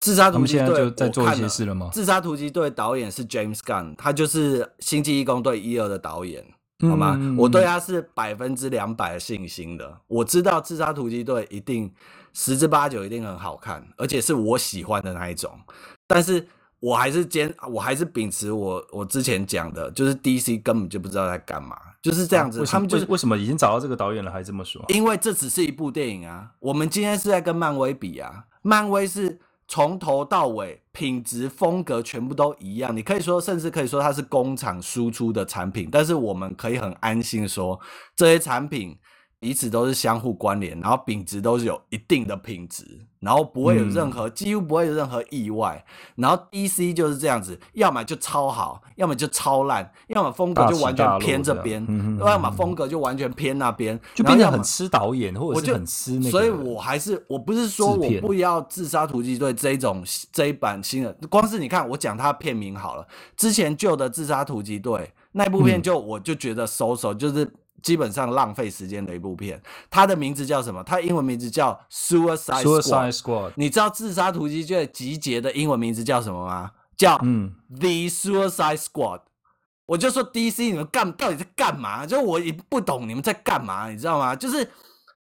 自殺突擊隊在，在做一些事了嗎？了自殺突擊隊導演是 James Gunn，他就是《星際異攻隊》一二的導演，嗯、好嗎？嗯、我對他是百分之兩百的信心的，我知道《自殺突擊隊》一定十之八九一定很好看，而且是我喜歡的那一種，但是。我還是堅，我還是秉持我我之前講的，就是 DC 根本就不知道在幹嘛，就是這樣子。啊、他們就是為什麼已經找到這個導演了還這麼說、啊？因為這只是一部電影啊。我們今天是在跟漫威比啊，漫威是從頭到尾品質風格全部都一樣。你可以說，甚至可以說它是工廠輸出的產品，但是我們可以很安心說，這些產品彼此都是相互關聯，然後品質都是有一定的品質。然後不會有任何，嗯、幾乎不會有任何意外。然後 E C 就是這樣子，要麼就超好，要麼就超爛，要麼風格就完全偏這邊，大吃大落這樣，要麼風格就完全偏那邊，嗯嗯就變得很吃導演或者是很吃那個，所以，我還是我不是說我不要《自殺突擊隊》這一種這一版新的，光是你看我講它片名好了，之前舊的《自殺突擊隊》那一部片就我就覺得收手就是。嗯基本上浪費時間的一部片，它的名字叫什麼？它英文名字叫 Suicide Squad, Suicide Squad。你知道自殺突擊隊集結的英文名字叫什麼嗎？叫、嗯、The Suicide Squad。我就說 DC 你們幹到底在幹嘛？就我也不懂你們在幹嘛，你知道嗎？就是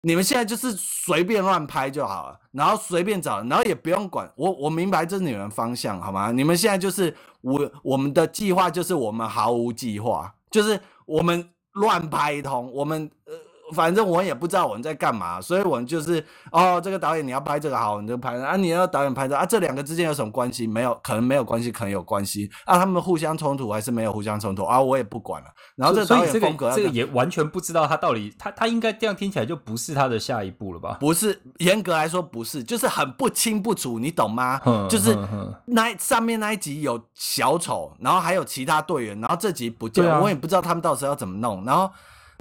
你們現在就是隨便亂拍就好了，然後隨便找，然後也不用管我。我明白這是你們方向好嗎？你們現在就是我我們的計劃就是我們毫無計劃，就是我們。亂拍一通，我們呃。反正我也不知道我們在幹嘛，所以我們就是哦，這個導演你要拍這個好，你就拍啊；你要導演拍的、這個、啊，這兩個之間有什麼關係？沒有，可能沒有關係，可能有關係啊。他們互相衝突還是沒有互相衝突啊？我也不管了。然後這導演風格這個這個也完全不知道他到底他他應該這樣聽起來就不是他的下一步了吧？不是，嚴格來說不是，就是很不清不楚，你懂嗎？哼哼哼就是那上面那一集有小丑，然後還有其他隊員，然後這集不見了，啊、我也不知道他們到時候要怎麼弄，然後。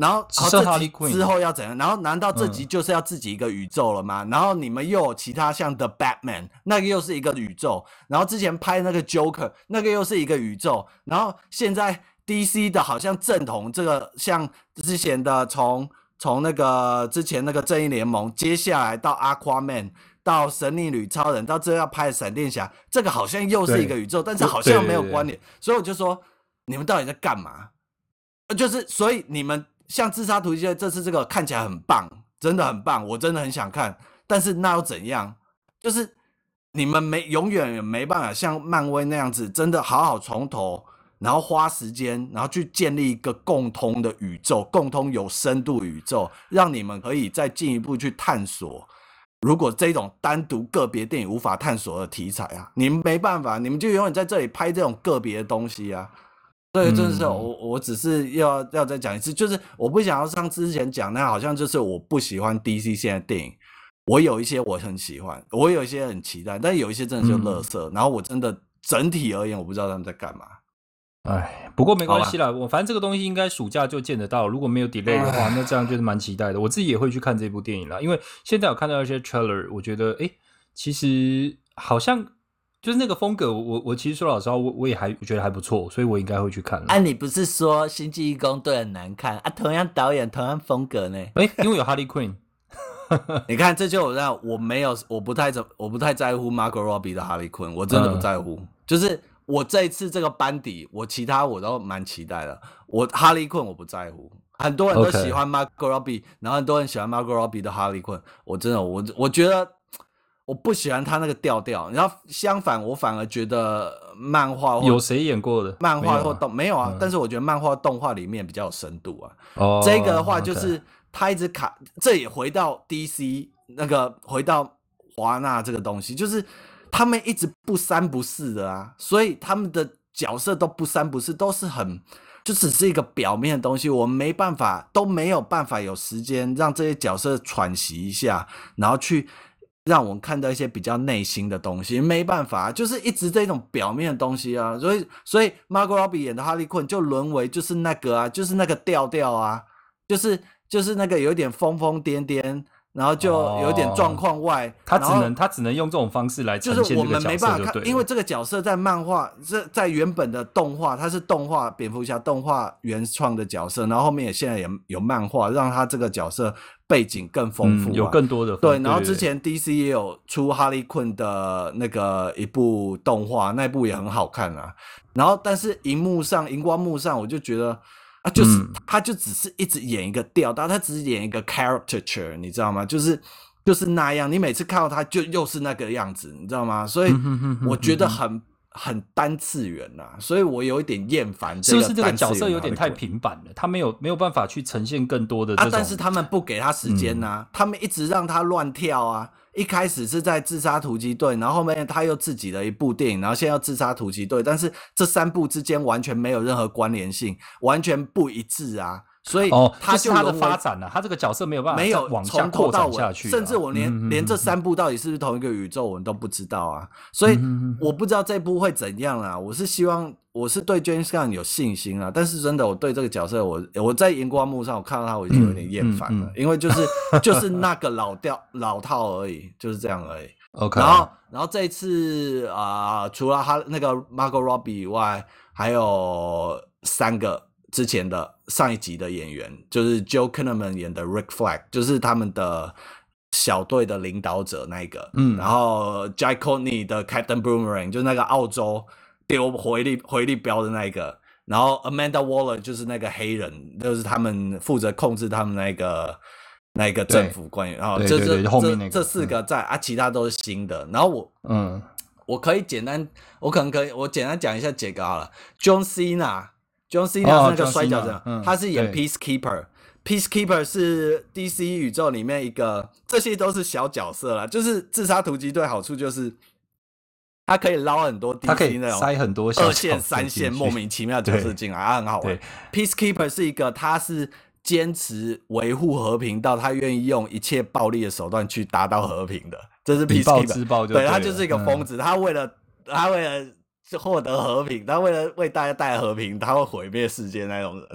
然後，然後之後要怎樣？然後難道這集就是要自己一個宇宙了嗎？嗯、然後你們又有其他像 The Batman，那個又是一個宇宙。然後之前拍那個 Joker，那個又是一個宇宙。然後現在 DC 的好像正統這個，像之前的從從那個之前那個正義聯盟，接下來到 Aquaman，到神力女超人，到這要拍閃電俠，這個好像又是一個宇宙，對但是好像沒有關聯。所以我就說，你們到底在幹嘛？呃，就是所以你們。像自殺突擊隊這次這個看起來很棒，真的很棒，我真的很想看。但是那又怎樣？就是你們沒永遠沒辦法像漫威那樣子，真的好好從頭，然後花時間，然後去建立一個共通的宇宙，共通有深度宇宙，讓你們可以再進一步去探索。如果這種單獨個別電影無法探索的題材啊，你們沒辦法，你們就永遠在這裡拍這種個別的東西啊。對，就是我，我只是要要再講一次，就是我不想要像之前講那，好像就是我不喜歡 DC 現在電影，我有一些我很喜歡，我有一些很期待，但有一些真的就垃圾。嗯、然後我真的整體而言，我不知道他們在幹嘛。哎，不過沒關係啦，吧我反正這個東西應該暑假就見得到。如果沒有 delay 的話，唉那這樣就是蠻期待的。我自己也會去看這部電影啦，因為現在我看到一些 trailer，我覺得哎、欸，其實好像。就是那個風格，我我其實說老實話，我我也還我覺得還不錯，所以我應該會去看。啊，你不是說《星際異攻隊》很難看啊？同樣導演，同樣風格呢？欸，因為有《哈利·昆。 [LAUGHS] 你看，這就讓我，我沒有，我不太在，我不太在乎。Margot Robbie 的《哈利·昆，我真的不在乎。嗯，就是我這一次這個班底，我其他我都蠻期待的。我《哈利·昆，我不在乎。很多人都喜歡 Margot Robbie，Okay. 然後很多人喜歡 Margot Robbie 的《哈利·昆。我真的，我我覺得。我不喜歡他那個調調，然後相反，我反而覺得漫畫有誰演過的漫畫或動沒有啊？有啊嗯、但是我覺得漫畫動畫裡面比較有深度啊。哦，oh, 這個的話就是他一直卡，okay 這也回到 DC 那個，回到華納這個東西，就是他們一直不三不四的啊，所以他們的角色都不三不四，都是很就只是一個表面的東西，我沒辦法都沒有辦法有時間讓這些角色喘息一下，然後去。讓我們看到一些比較內心的東西，沒辦法，就是一直這種表面的東西啊，所以，所以 Margot Robbie 演的哈莉奎茵就淪為就是那個啊，就是那個調調啊，就是就是那個有點瘋瘋癲癲，然後就有點狀況外，哦、他只能後他只能用這種方式來就，就是我們沒辦法看，因為這個角色在漫畫，這在原本的動畫，他是動畫蝙蝠俠動畫原創的角色，然後後面也現在也有漫畫，讓他這個角色。背景更豐富、啊，嗯，有更多的對。然後之前 DC 也有出 Harley Quinn 的那個一部動畫，那一部也很好看啊。然後但是熒幕上、熒光幕上，我就覺得啊，就是、嗯、他就只是一直演一個調，他他只是演一個 character，你知道嗎？就是就是那樣，你每次看到他就又、就是那個樣子，你知道嗎？所以我覺得很。很單次元吶、啊，所以我有一點厭煩。是不是這個角色有點太平板了？他沒有沒有辦法去呈現更多的啊。但是他們不給他時間吶、啊，嗯、他們一直讓他亂跳啊。一開始是在自殺突擊隊，然後後面他又自己了一部電影，然後現在要自殺突擊隊。但是這三部之間完全沒有任何關聯性，完全不一致啊。所以，他是它的發展了，他這個角色沒有辦法沒有往向擴展下去，甚至我連連這三部到底是不是同一個宇宙，我們都不知道啊！所以我不知道這部會怎樣啊！我是希望，我是對 James Gunn 有信心啊！但是真的，我對這個角色，我我在熒光幕上我看到他，我已經有點厭煩了，因為就是就是那個老調老套而已，就是這樣而已。OK，然後然後這次啊、呃，除了他那個 Margot Robbie 以外，還有三個。之前的上一集的演員就是 Joe Kinnaman 演的 Rick Flag，就是他們的小隊的領導者那一個。嗯，然後 Jai Courtney 的 Captain Boomerang 就是那個澳洲丟回力回力標的那一個，然後 Amanda Waller 就是那個黑人，就是他們負責控制他們那個那一個政府官員。對然後這這這四個在、嗯、啊，其他都是新的。然後我嗯，嗯我可以簡單，我可能可以，我簡單講一下幾個好了。John Cena。John Cena、oh, 那個摔角者，Cena, 嗯、他是演 Peacekeeper 對。Peacekeeper 是 DC 宇宙裡面一個，這些都是小角色啦，就是自殺突擊隊好處就是，他可以撈很多 DC 那種塞很多線，二線、三線莫名其妙的角色進來，他很,他很好玩。Peacekeeper 是一個，他是堅持維護和平到他願意用一切暴力的手段去達到和平的，這是 Peacekeeper。對，他就是一個瘋子、嗯他，他為了他為了。就獲得和平，他為了為大家帶和平，他會毀滅世界那種人，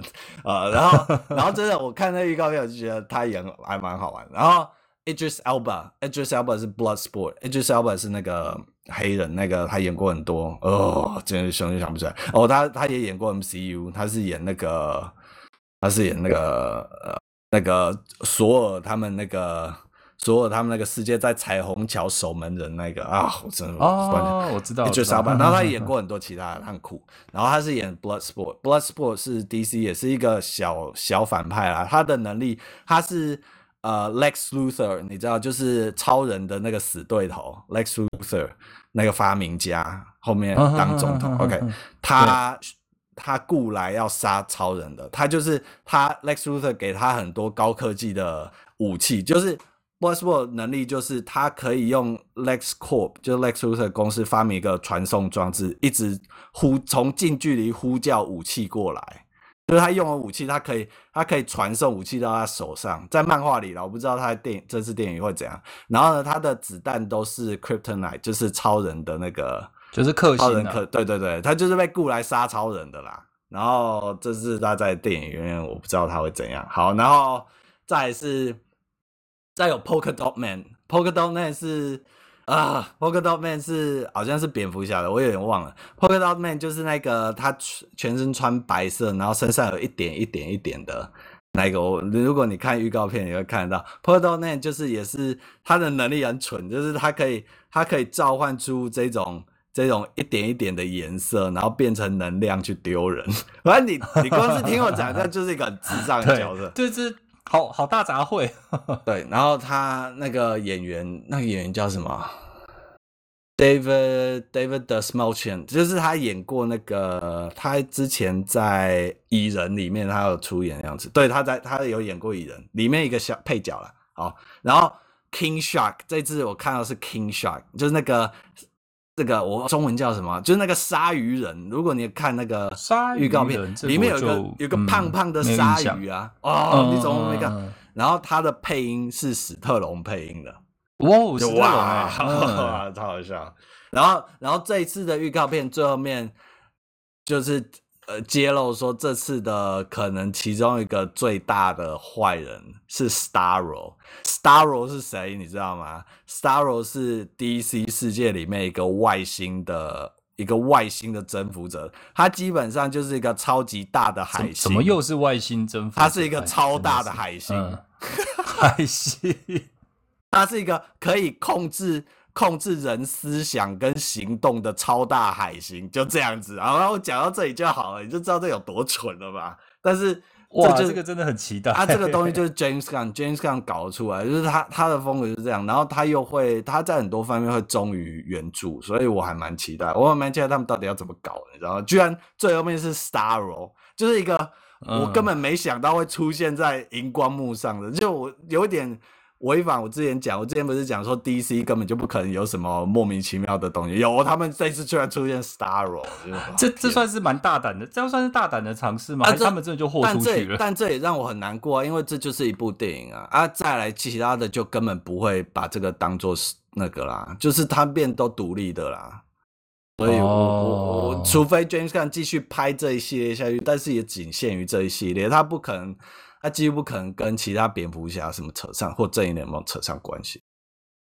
啊、uh,，然後，然後真的，我看那預告片，我就覺得他演還蠻好玩。然後 Idris Elba，Idris Elba 是 Bloodsport，Idris Elba 是那個黑人，那個他演過很多，哦、oh,，真是想也想不出來。哦、oh,，他他也演過 MCU，他是演那個，他是演那個，呃、那個索爾他們那個。所有他們那個世界在彩虹橋守門人那個啊，我真的哦，我知道，我知道，然後他演過很多其他的很酷，然後他是演 Bloodsport，Bloodsport 是 DC 也是一個小小反派啦。他的能力，他是呃 Lex Luthor，你知道，就是超人的那個死對頭 Lex Luthor，那個發明家後面當總統。OK，他他雇來要殺超人的，他就是他 Lex Luthor 給他很多高科技的武器，就是。b o s s i b l e 能力就是他可以用 LexCorp，就是 Lex Luthor 公司發明一個傳送裝置，一直呼從近距離呼叫武器過來。就是他用了武器他，他可以他可以傳送武器到他手上。在漫畫裡了，我不知道他在電這次電影會怎樣。然後呢，他的子彈都是 Kryptonite，就是超人的那個，就是克星，啊，對對對，他就是被僱來殺超人的啦。然後這次他在電影院，我不知道他會怎樣。好，然後再來是。再有《Polka-Dot Man》，《Polka-Dot Man》是《Polka-Dot Man》是啊，《Polka-Dot Man》是好像是蝙蝠俠的，我有點忘了，《Polka-Dot Man》就是那個他全身穿白色，然後身上有一點一點一點的那個我。如果你看預告片，你會看到，《Polka-Dot Man》就是也是他的能力很蠢，就是他可以他可以召喚出這種這種一點一點的顏色，然後變成能量去丟人。反正你你光是聽我講，這 [LAUGHS] 就是一個很智障的角色，對，就是。好、oh, 好大雜燴， [LAUGHS] 對。然後他那個演員，那個演員叫什麼？David David Dastmalchian，就是他演過那個他之前在《蟻人》裡面他有出演樣子。對，他在他有演過《蟻人》裡面一個小配角了。好，然後 King Shark 這次我看到是 King Shark，就是那個。這個我中文叫什麼？就是那個鯊魚人。如果你看那個預告片，裡面有個、嗯、有個胖胖的鯊魚啊，哦，嗯、你中文沒看。嗯、然後他的配音是史特龍配音的，哦的啊、哇，史特、欸嗯、哇，超好笑、嗯。然後，然後這一次的預告片最後面就是。呃，揭露說這次的可能其中一個最大的壞人是 Starro。Starro 是誰？你知道嗎？Starro 是 DC 世界裡面一個外星的、一個外星的征服者。他基本上就是一個超級大的海星。什麼又是外星征服？他是一個超大的海星，海星。他是一個可以控制。控制人思想跟行動的超大海星就這樣子。啊，然後講到這裡就好了，你就知道這有多蠢了吧？但是哇，這，就這個真的很期待。他、啊、 [LAUGHS] 這個東西就是 James Gunn，James Gunn 搞出來，就是他他的風格是這樣，然後他又會他在很多方面會忠於原著，所以我還蠻期待。我還蠻期待他們到底要怎麼搞，你知道嗎？居然最後面是 Starro，就是一個我根本沒想到會出現在熒光幕上的，嗯、就我有一點。違反我之前講，我之前不是講說 DC 根本就不可能有什麼莫名其妙的東西，有他們這次居然出現 Starro，這天這算是蠻大膽的，這樣算是大膽的嘗試嗎？啊、他們真的就豁出去了。但這但這。但這也讓我很難過啊，因為這就是一部電影啊。啊，再來其他的就根本不會把這個當做是那個啦，就是他變都獨立的啦。所以我、哦我，我除非 James Gunn 繼續拍這一些下去，但是也僅限於這一系列，他不可能。他幾乎不可能跟其他蝙蝠俠什麼扯上，或正義聯盟扯上關係。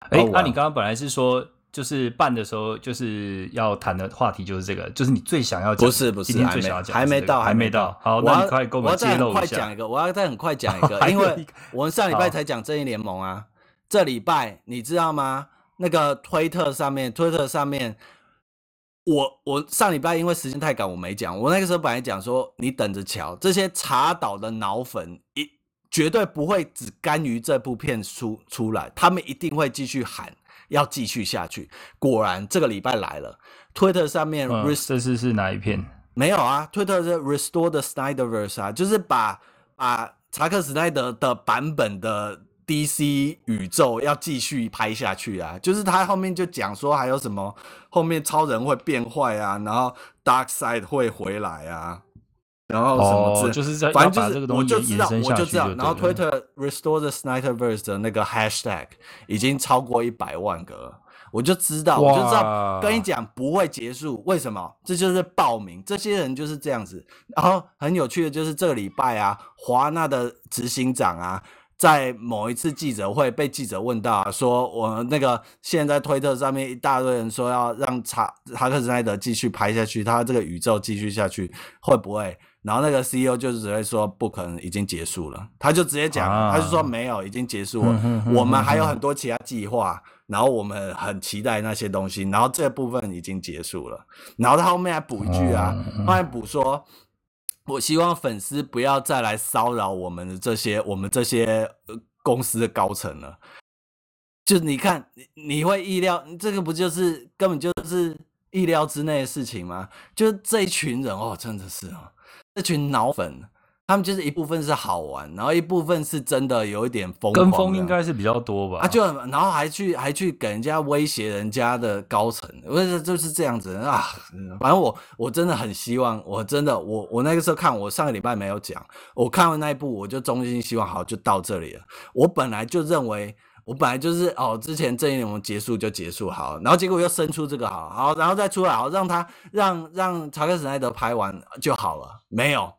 欸，那你剛剛本來是說，就是辦的時候，就是要談的話題就是這個，就是你最想要講，不是？不是你最想要講，還沒到，還沒到。好，那你快給我們介紹一下，我要再很快講一個，我要再很快講一個，因為我們上禮拜才講正義聯盟啊，這禮拜你知道嗎？那個推特上面，推特上面。我我上禮拜因為時間太趕，我沒講。我那個時候本來講說，你等着瞧，這些查導的腦粉一絕對不會只甘於這部片出出來，他們一定會繼續喊，要繼續下去。果然這個禮拜來了，Twitter 上面 rest 是、嗯、是哪一片？沒有啊，Twitter 是 Restore the Snyderverse 啊，就是把把查克史奈德的版本的。DC 宇宙要繼續拍下去啊！就是他後面就講說，還有什麼後面超人會變壞啊，然後 Dark Side 會回來啊，然後什麼字，哦就是、這反正就是這個東西我就知道，就我就知道。然後 Twitter Restore the Snyderverse 的那個 hashtag 已經超過一百萬個，我就知道，哇我就知道，跟你講不會結束。為什麼？這就是暴民，這些人就是這樣子。然後很有趣的就是這個禮拜啊，華納的執行長啊。在某一次記者會被記者問到、啊，說我那個現在推特上面一大堆人說要讓查哈克斯奈德繼續拍下去，他這個宇宙繼續下去會不會？然後那個 CEO 就只會說不可能，已經結束了。他就直接講，啊、他就說沒有，已經結束了。我們還有很多其他計劃，然後我們很期待那些東西。然後這部分已經結束了。然後他後面還補一句啊，嗯嗯後面補說。我希望粉絲不要再來騷擾我們的我們這些我們這些呃公司的高層了。就你看，你會意料，這個不就是根本就是意料之內的事情嗎？就這一群人哦，真的是哦，這群腦粉。他們就是一部分是好玩，然後一部分是真的有一點瘋，跟風應該是比較多吧。啊就很，就然後還去還去給人家威脅人家的高層，為什麼就是這樣子啊。嗯、啊反正我我真的很希望，我真的我我那個時候看，我上個禮拜沒有講，我看完那一部，我就衷心希望好就到這裡了。我本來就認為，我本來就是哦，之前正義聯盟結束就結束好了，然後結果又生出這個好，好然後再出來好，讓他讓讓查克·史奈德拍完就好了，沒有。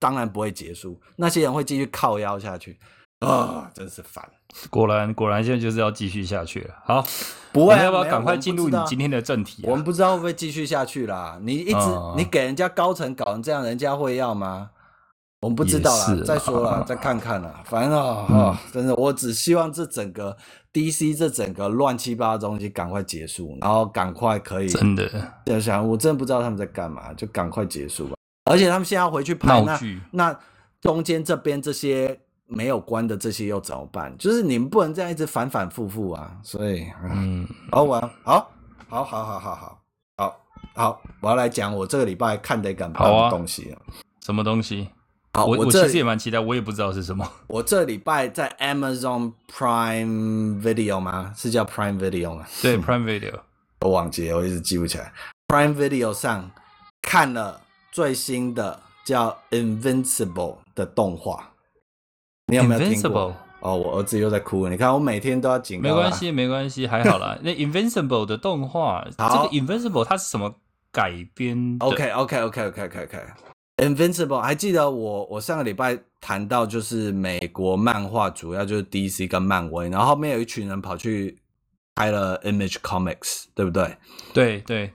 當然不會結束，那些人會繼續靠腰下去啊、哦！真是煩。果然，果然，現在就是要繼續下去了。好，不，會啊、要不要，不要，趕快進入你今天的正題、啊？我們不知道會不會繼續下去啦。你一直、嗯、你給人家高層搞成這樣，人家會要嗎？我們不知道啦。是、啊。再說了，再看看了，反正啊、哦嗯哦，真的，我只希望這整個 DC 這整個亂七八糟東西趕快結束，然後趕快可以真的想想，我真的不知道他們在幹嘛，就趕快結束吧。而且他們現在要回去拍那劇那中間這邊這些沒有關的這些又怎麼辦？就是你們不能這樣一直反反复覆啊！所以嗯，好，我好好好好好好好好我要來講我這個禮拜看的一個好東西好、啊，什麼東西？好我我，這我其實也蠻期待，我也不知道是什麼。我這禮拜在 Amazon Prime Video 嗎？是叫 Prime Video 嗎？對，Prime Video。我忘記了，我一直記不起來。Prime Video 上看了。最新的叫《Invincible》的動畫，你有沒有聽過？哦，Invincible? oh, 我兒子又在哭了。你看，我每天都要警告啊。沒關係，沒關係，還好啦。那 [LAUGHS] 《Invincible》的動畫，好，這個《Invincible》它是什麼改編？OK，OK，OK，OK，OK，Invincible OK, okay。Okay, okay, okay. 還記得我，我上個禮拜談到就是美國漫畫，主要就是 DC 跟漫威，然後後面有一群人跑去拍了 Image Comics，對不對？對對。對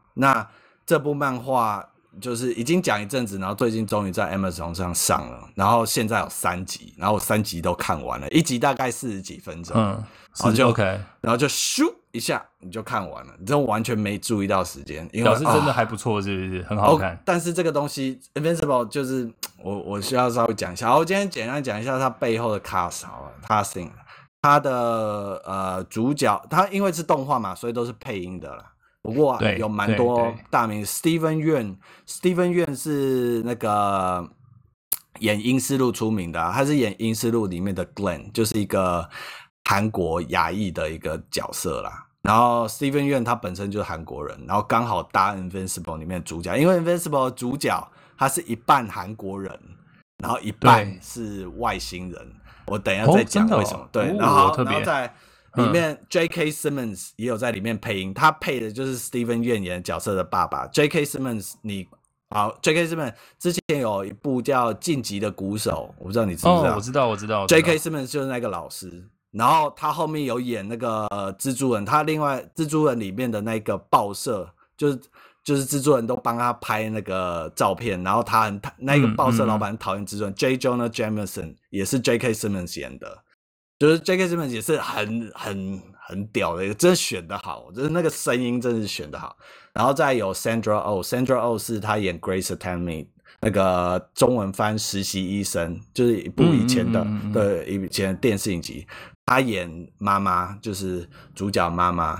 那這部漫畫就是已經講一陣子，然後最近終於在 Amazon 上上了，然後現在有三集，然後三集都看完了，一集大概四十幾分鐘，嗯，然後就 OK，然後就咻一下你就看完了，你完全沒注意到時間，因為老師真的還不錯，啊、是不是很好看？哦、但是這個東西 Invincible 就是我我需要稍微講一下，我今天簡單講一下它背後的 Casting，s 它的呃主角，它因為是動畫嘛，所以都是配音的了。不過有蠻多大名，Steven Yeun，Steven Yeun 是那個演《陰屍路》出名的，他是演《陰屍路》裡面的 Glenn，就是一個韓國亞裔的一個角色啦。然後 Steven Yeun 他本身就是韓國人，然後剛好搭《Invincible》裡面主角，因為 Invincible 主角他是一半韓國人，然後一半是外星人，對我等一下再講為什麼。哦哦、對，然後、哦、特別然後在。裡面 J.K. Simmons 也有在裡面配音，他配的就是 Steven Yeun 演角色的爸爸。J.K. Simmons，你好，J.K. Simmons 之前有一部叫《晉級的鼓手》，我不知道你知不知道？哦，我知道，我知道。J.K. Simmons 就是那個老師，然後他後面有演那個蜘蛛人，他另外蜘蛛人裡面的那個報社，就是就是蜘蛛人都幫他拍那個照片，然後他很那個報社老闆討厭蜘蛛人。嗯嗯，J. Jonah Jameson 也是 J.K. Simmons 演的。就是 J.K. Simmons 也是很很很屌的一個，真選得好，就是那個聲音真是選得好。然後再有 o, Sandra Oh，Sandra Oh 是他演《Grey's Anatomy》那個中文翻實習醫生，就是一部以前的的、嗯嗯嗯嗯、以前的電視影集，他演媽媽，就是主角媽媽。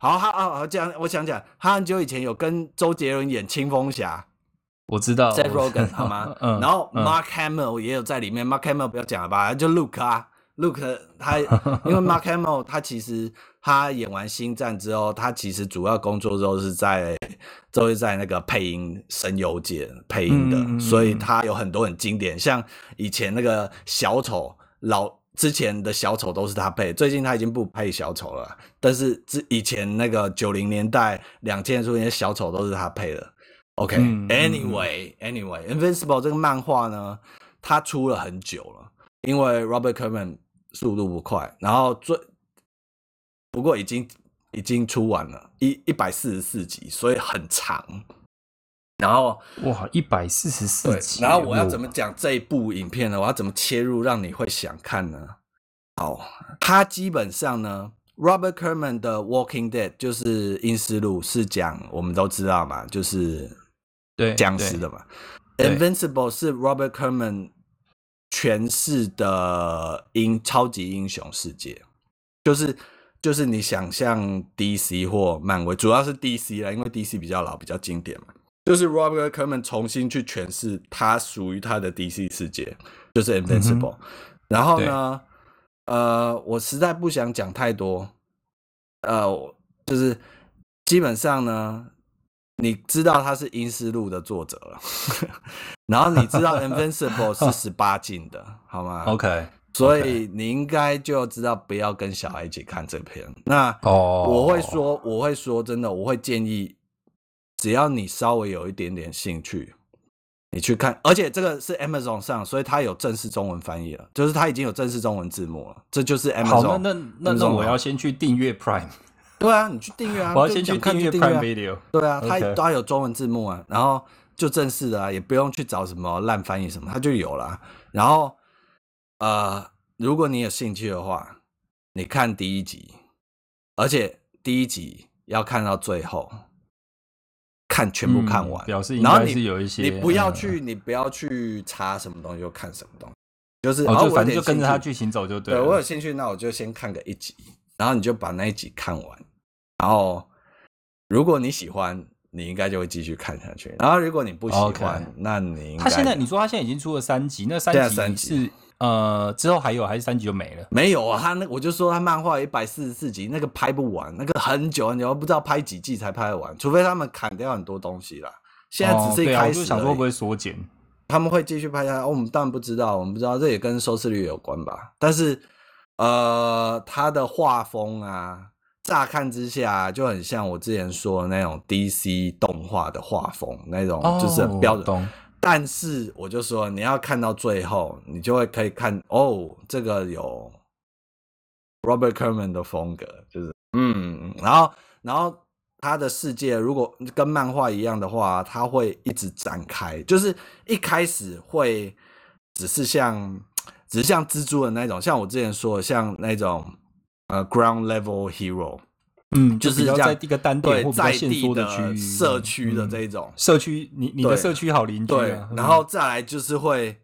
好，他好、哦、這樣我想講，他很久以前有跟周杰倫演清風《青蜂俠》，我知道，Seth Rogen 好嗎？嗯，然後 Mark、嗯、Hamill 也有在裡面，Mark Hamill 不要講了吧，就 Luke 啊，Luke 他，因為 Mark Hamill 他其實他演完《星戰》之後，他其實主要工作都是在都是在那個配音聲優界配音的，嗯、所以他有很多很經典，像以前那個小丑老。之前的小丑都是他配，最近他已經不配小丑了。但是之以前那個九零年代、兩千年初那些小丑都是他配的。OK，Anyway，Anyway，Invincible、okay, 嗯、這個漫畫呢，它出了很久了，因為 Robert Kirkman 速度不快，然後最不過已經已經出完了，一一百四十四集，所以很長。然後哇，一百四十四集。然後我要怎麼講這一部影片呢？我要怎麼切入讓你會想看呢？好，它基本上呢，Robert Kirkman 的《Walking Dead》就是《陰屍路》，是講我們都知道嘛，就是對僵屍的嘛。《Invincible》是 Robert Kirkman 詮釋的英超級英雄世界，就是就是你想象 DC 或漫威，主要是 DC 啦，因為 DC 比較老，比較經典嘛。就是 Robert Kerman 重新去詮釋他屬於他的 DC 世界，就是 Invincible。嗯、哼然後呢，對呃，我實在不想講太多。呃，就是基本上呢，你知道他是《陰屍路》的作者， [LAUGHS] [LAUGHS] 然後你知道 Invincible 是十八禁的， [LAUGHS] 好嗎？OK，okay. 所以你應該就知道不要跟小孩一起看這篇。那我會說，oh. 我會說，真的，我會建議。只要你稍微有一點點興趣，你去看，而且這個是 Amazon 上，所以它有正式中文翻譯了，就是它已經有正式中文字幕了。這就是 Amazon。好，那那那那文我要先去訂閱 Prime。對啊，你去訂閱啊。我要先去訂閱 Prime Video。對啊，它它有中文字幕啊，Okay. 然後就正式的啊，也不用去找什麼爛翻譯什麼，它就有了。然後呃，如果你有興趣的話，你看第一集，而且第一集要看到最後。看全部看完、嗯，表示應該是有一些，然後你，你不要去，嗯、你不要去查什麼東西，就看什麼東西，就是。然後、哦、反正就跟着它劇情走就對了。對，我有興趣，那我就先看個一集，然後你就把那一集看完，然後如果你喜歡，你應該就會繼續看下去。然後如果你不喜歡，Okay 那你他現在你說他現在已經出了三集，那三集是。呃，之後還有還是三集就沒了？沒有啊，他那我就說他漫畫一百四十四集，那個拍不完，那個很久，很久，你又不知道拍幾季才拍得完，除非他們砍掉很多東西啦。現在只是一開始。哦啊、想說不會縮減，他們會繼續拍它、哦。我們當然不知道，我們不知道，這也跟收視率有關吧？但是，呃，他的畫風啊，乍看之下就很像我之前說的那種 DC 動畫的畫風，那種就是很標準。哦但是我就說，你要看到最後，你就會可以看哦，這個有 Robert Kirkman 的風格，就是嗯，然後然後他的世界如果跟漫畫一樣的話，他會一直展開，就是一開始會只是像只是像蜘蛛的那種，像我之前說的，像那種呃 ground level hero。嗯，就是要在一個單獨在地的社區的這一種、嗯、社區，你你的社區好鄰居、啊對。對，然後再來就是會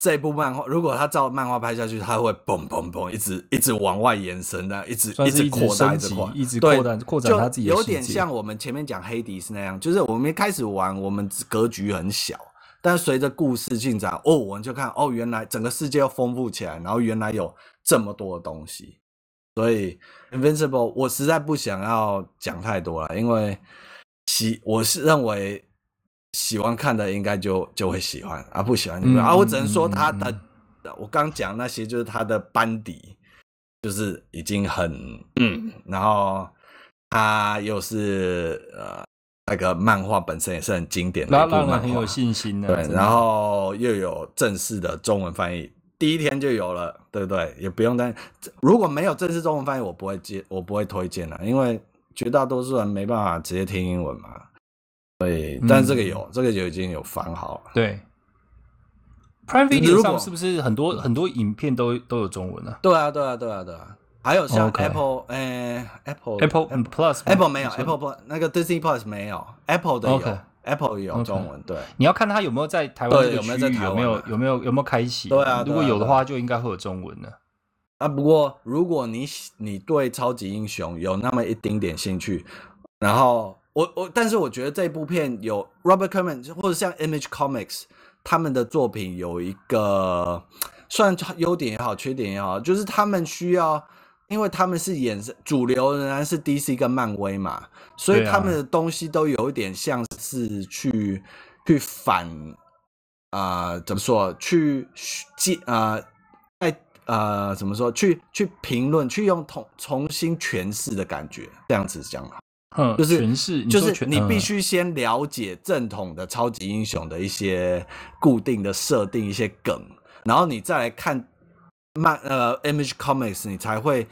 這一部漫畫，如果它照漫畫拍下去，它會蹦蹦蹦，一直一直往外延伸，那一直一直擴展着，一直擴展擴展它自己的世界。有點像我們前面講黑迪斯那樣，就是我們一開始玩，我們格局很小，但隨着故事進展，哦，我們就看，哦，原來整個世界又豐富起來，然後原來有這麼多的東西。所以《Invincible》，我實在不想要講太多了，因為喜我是認為喜歡看的應該就就會喜歡啊，不喜歡，就不喜歡、嗯、啊，我只能說他他，嗯、我剛講那些就是他的班底，就是已經很嗯，然後他又是呃那個漫畫本身也是很經典的漫畫，然很有信心的，對，然後又有正式的中文翻譯。第一天就有了，對不對？也不用擔心。如果沒有正式中文翻譯，我不會接，我不會推薦了、啊，因為絕大多數人沒辦法直接聽英文嘛。對，但這個有，嗯、這個就已經有翻好了。對，Prime Video 是，如果是不是很多、嗯、很多影片都都有中文啊？對啊，對啊，對啊，對啊。還有像 Apple，Okay. 誒 Apple，哎，Apple，Apple Plus，Apple 我 Apple 沒有，Apple 不，那個 Disney Plus 沒有，Apple 的有。Okay. Apple 也有中文，Okay. 對，你要看他有沒有在台灣有沒有在台灣，有沒有有沒有有沒有，有沒有開啟，對啊，如果有的話，啊，就應該會有中文了。啊，不過如果你你對超級英雄有那麼一丁點，點興趣，然後我我，但是我覺得這部片有 Robert Kirkman 或者像 Image Comics 他們的作品有一個算優點也好，缺點也好，就是他們需要。因為他們是演，主流，仍然是 DC 跟漫威嘛，所以他們的東西都有一點像是去對、啊、去，去反，啊，怎麼說？去建啊？哎，呃，怎麼說？去去、呃呃、怎麼說去，去評論？去用同重新詮釋的感覺？這樣子講啊？嗯，就是就是你必須先了解正統的超級英雄的一些固定的設定、一些梗，然後你再來看。慢呃，Image Comics，你才會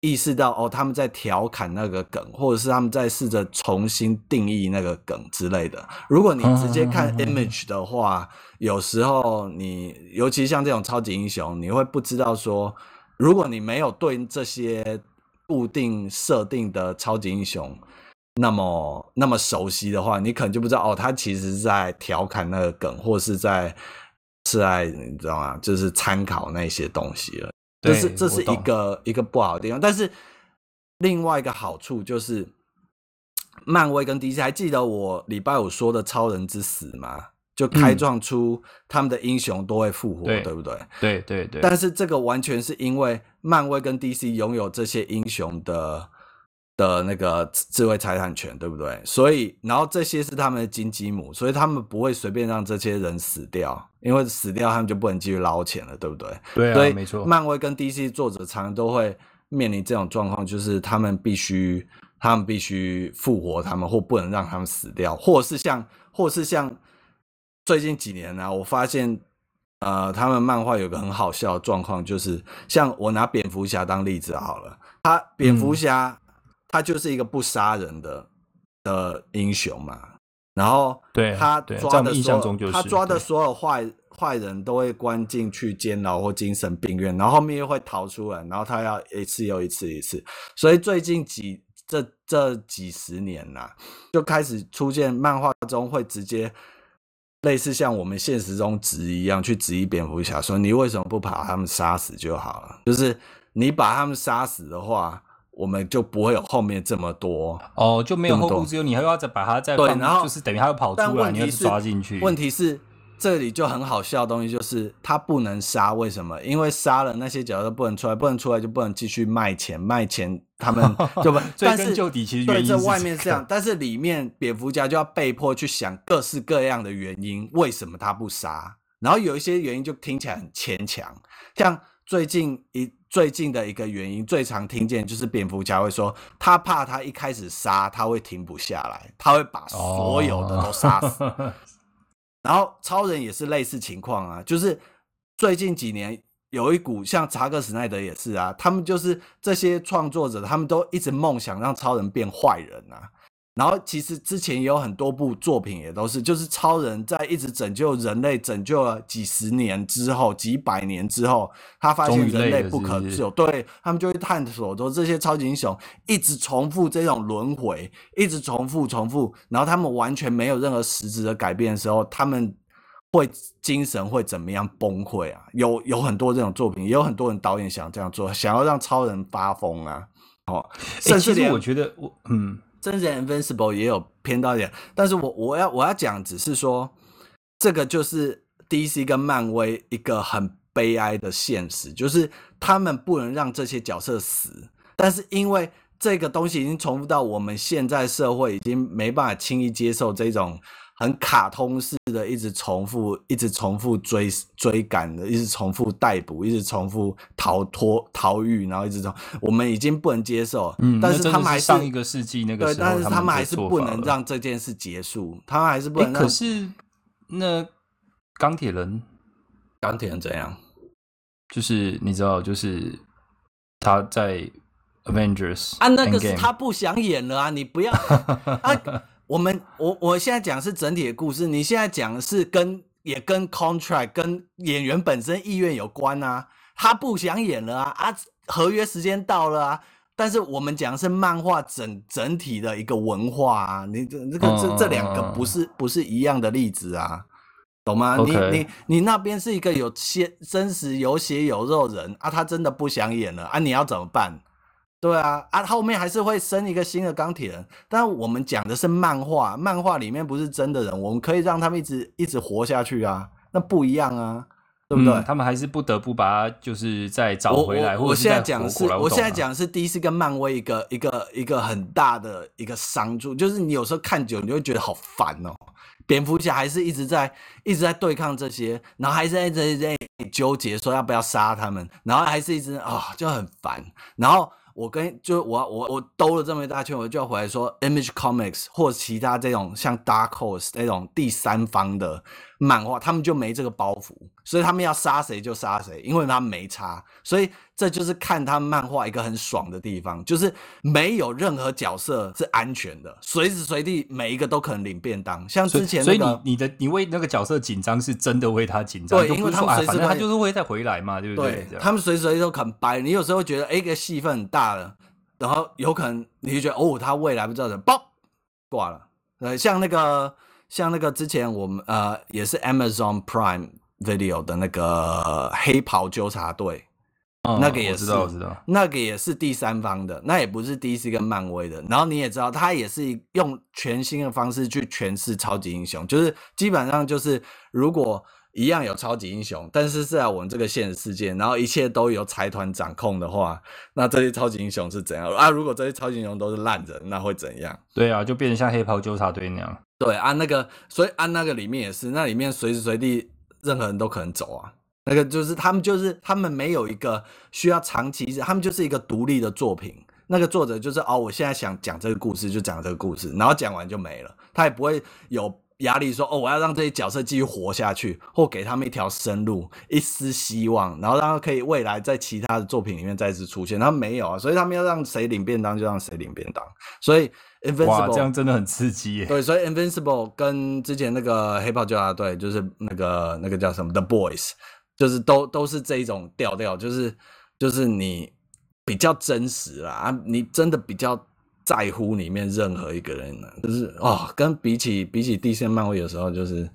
意識到哦，他們在調侃那個梗，或者是他們在試着重新定義那個梗之類的。如果你直接看 Image 的話，嗯嗯嗯。有時候你，尤其像這種超級英雄，你會不知道說，如果你沒有對這些固定設定的超級英雄那麼那麼熟悉的話，你可能就不知道哦，他其實是在調侃那個梗，或是在。是啊，你知道嗎？就是參考那些東西了，這對是這是一個我懂一個不好的地方。但是另外一個好處就是，漫威跟 DC 還記得我禮拜五說的《超人之死》嗎？就開創出他們的英雄都會復活，嗯、對不對？對，對對對。但是這個完全是因為漫威跟 DC 擁有這些英雄的。的那個智慧財產權，對不對？所以，然後這些是他們的金雞母，所以他們不會隨便讓這些人死掉，因為死掉他們就不能繼續撈錢了，對不對？對啊，沒錯。漫威跟 DC 作者常常都會面臨這種狀況，就是他們必須，他們必須復活他們，或不能讓他們死掉，或者是像，或者是像最近幾年呢、啊，我發現，呃，他們漫畫有個很好笑的狀況，就是像我拿蝙蝠俠當例子好了，他蝙蝠俠、嗯。他就是一個不殺人的的英雄嘛，然後他抓的說，就是、他抓的所有壞壞對人都會關進去監牢或精神病院，然後後面又會逃出來，然後他要一次又一次一次，所以最近幾這這幾十年吶、啊，就開始出現漫畫中會直接類似像我們現實中質疑一樣去質疑蝙蝠俠說，你為什麼不把他們殺死就好了？就是你把他們殺死的話。我們就不會有後面這麼多哦，就沒有後顧之憂，你還要把再把它再放，對，然後就是等於它又跑出來，你又抓進去。問題是這裡就很好笑的東西，就是他不能殺，為什麼？因為殺了那些角色不能出來，不能出來就不能繼續賣錢，賣錢他們就不。 [LAUGHS] 但是就底其實、這個、對，這外面是這樣，但是裡面蝙蝠俠就要被迫去想各式各樣的原因，為什麼他不殺？然後有一些原因就聽起來很牽強，像。最近一最近的一個原因，最常聽見就是蝙蝠俠會說，他怕他一開始殺他會停不下來，他會把所有的都殺死。Oh. [LAUGHS] 然後超人也是類似情況啊，就是最近幾年有一股像查克史奈德也是啊，他們就是這些創作者，他們都一直夢想讓超人變壞人啊。然後其實之前也有很多部作品也都是，就是超人在一直拯救人類，拯救了幾十年之後、幾百年之後，他發現人類不可救，是是，對，他們就會探索說，這些超級英雄一直重複這種輪回，一直重複、重複，然後他們完全沒有任何實質的改變的時候，他們會精神會怎麼樣崩潰啊？有有很多這種作品，也有很多人導演想這樣做，想要讓超人發瘋啊！哦，欸、甚至我覺得我嗯。真人 Invincible 也有偏到一點，但是我我要我要講，只是說這個就是 DC 跟漫威一個很悲哀的現實，就是他們不能讓這些角色死，但是因為這個東西已經重複到我們現在社會，已經沒辦法輕易接受這種。很卡通式的，一直重複，一直重複追追趕的，一直重複逮捕，一直重複逃脫逃獄，然後一直從我們已經不能接受，嗯，但是他們還是，是上一個世紀那個時候，對，但是他們還是不能讓這件事結束，他們還是不能讓。可是那鋼鐵人，鋼鐵人怎樣？就是你知道，就是他在 Avengers 啊，那個是他不想演了啊，你不要， [LAUGHS] 啊 [LAUGHS] 我們我、我現在講是整體的故事，你現在講的是跟也跟 contract 跟演員本身意願有關啊，他不想演了啊啊，合約時間到了啊，但是我們講的是漫畫整整體的一個文化啊，你這個 uh、這個這這兩個不是不是一樣的例子啊，懂嗎？Okay. 你你你那邊是一個有血真實有血有肉人啊，他真的不想演了啊，你要怎麼辦？對啊，啊，後面還是會生一個新的鋼鐵人，但我們講的是漫畫，漫畫裡面不是真的人，我們可以讓他們一直一直活下去啊，那不一樣啊，對不對？嗯、他們還是不得不把他，就是再找回來，我我或者我現在講的是，啊、我現在講的是 DC 跟漫威一個一個一個很大的一個傷處，就是你有時候看久，你就會覺得好煩哦。蝙蝠俠還是一直在一直在對抗這些，然後還是一直在糾結說要不要殺他們，然後還是一直啊、哦、就很煩，然後。我跟就我我我兜了這麼一大圈，我就要回來說，Image Comics 或其他這種像 Dark Horse 那種第三方的漫畫，他們就沒這個包袱。所以他們要殺誰就殺誰，因為他沒差，所以這就是看他漫畫一個很爽的地方，就是沒有任何角色是安全的，隨時隨地每一個都可能領便當。像之前、那個、所以，所以你你的你為那個角色緊張是真的為他緊張，對，因為他們隨時他就是會再回來嘛，對不對？對他們隨時隨地都肯掰。你有時候覺得哎、欸，個戲份很大了，然後有可能你就覺得哦，他未來不知道怎麼崩掛了。呃，像那個像那個之前我們呃也是 Amazon Prime。video 的那個黑袍糾察隊，那個也知道，知道那個也是第三方的，那也不是 DC 跟漫威的。然後你也知道，它也是用全新的方式去詮釋超級英雄，就是基本上就是，如果一樣有超級英雄，但是是在我們這個現實世界，然後一切都由財團掌控的話，那這些超級英雄是怎樣？啊，如果這些超級英雄都是爛人，那會怎樣？對啊，就變成像黑袍糾察隊那樣。對啊，那個所以按，啊，那個裡面也是，那裡面隨時隨地，任何人都可能走啊，那個就是他們，就是他們沒有一個需要長期，他們就是一個獨立的作品。那個作者就是哦，我現在想講這個故事，就講這個故事，然後講完就沒了，他也不會有。壓力說：“哦，我要讓這些角色繼續活下去，或給他們一條生路、一絲希望，然後讓他可以未來在其他的作品裡面再次出現。”他沒有啊，所以他們要讓誰領便當就讓誰領便當。所以，Invincible, 哇，這樣真的很刺激耶！對，所以 Invincible 跟之前那個黑袍糾察隊，就是那個那個叫什麼 The Boys，就是都都是這一種調調，就是就是你比較真實啦，啊，你真的比較，在乎裡面任何一個人、啊，就是哦，跟比起比起地線漫威有時候就是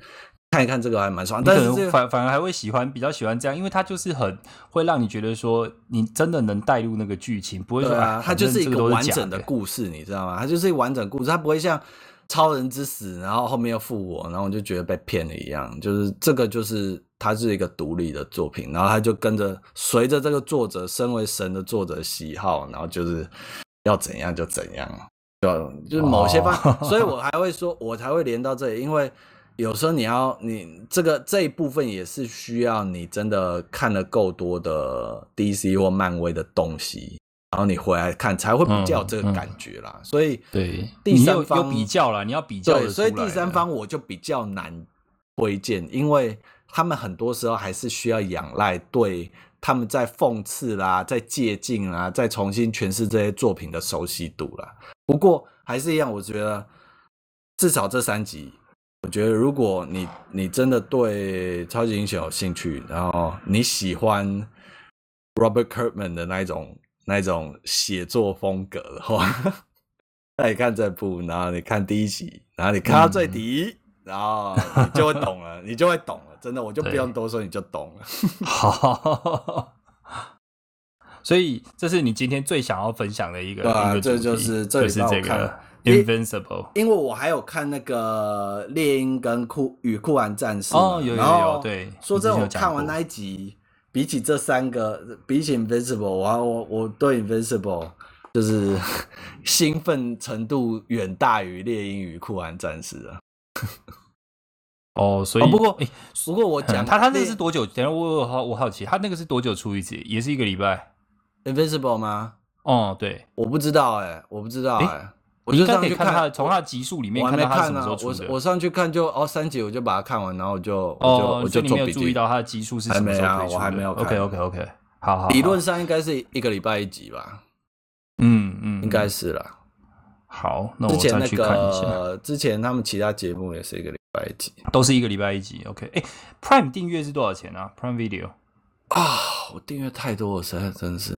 看一看這個還蠻爽，但是反、這個、反而還會喜歡比較喜歡這樣，因為它就是很會讓你覺得說你真的能帶入那個劇情，不會說啊，啊，它就是一個完整的故事，啊、你知道嗎？它就是一個完整故事，啊、它不會像超人之死，然後後面又復活，然後我就覺得被騙了一樣。就是這個就是它是一個獨立的作品，然後它就跟着隨着這個作者身為神的作者喜好，然後就是。要怎樣就怎樣，就就是某些方，Wow. 所以我還會說，我才會連到這裡，因為有時候你要你這個這一部分也是需要你真的看了夠多的 DC 或漫威的東西，然後你回來看才會比較這個感覺啦。嗯嗯、所以對第三方有，有比較啦，你要比較對，所以第三方我就比較難推薦，因為他們很多時候還是需要仰賴對。他們在諷刺啦，在借鑑啦，在重新詮釋這些作品的熟悉度啦。不過還是一樣，我覺得至少這三集，我覺得如果你你真的對超級英雄有興趣，然後你喜歡 Robert Kirkman 的那一種那一種寫作風格的話，那 [LAUGHS] 你看這部，然後你看第一集，然後你看到最底，嗯、然後你就會懂了， [LAUGHS] 你就會懂了。真的，我就不用多說，對你就懂了。 [LAUGHS] [LAUGHS] 所以這是你今天最想要分享的一個，對、啊，這就是，就是，這就是這個。Invincible，、欸、因為我還有看那個獵鷹跟酷與酷寒戰士哦，有有有。後有有對，說真的，我看完那一集，比起這三個，比起 Invincible，我我我對 Invincible 就是 [LAUGHS] 興奮程度遠大於獵鷹與酷寒戰士啊。 [LAUGHS] 哦，所以不過，哎，不過我講他他那個是多久？等下我我好我好奇，他那個是多久出一集？也是一個禮拜 Invincible 嗎？哦，對，我不知道，哎，我不知道，哎，我就上去看，他，從他的集數裡面，我還沒看啊。我我上去看就哦三集，我就把它看完，然後我就我就你沒有注意到他的集數是什麼時候？我還沒有。OK OK OK，好，理論上應該是一個禮拜一集吧？嗯嗯，應該是了。好，那我上去看一下。之前他們其他節目也是一個禮拜都是一個禮拜一集，OK？哎，Prime 訂閱是多少錢啊？Prime Video 啊。哦，我訂閱太多了，實在真是。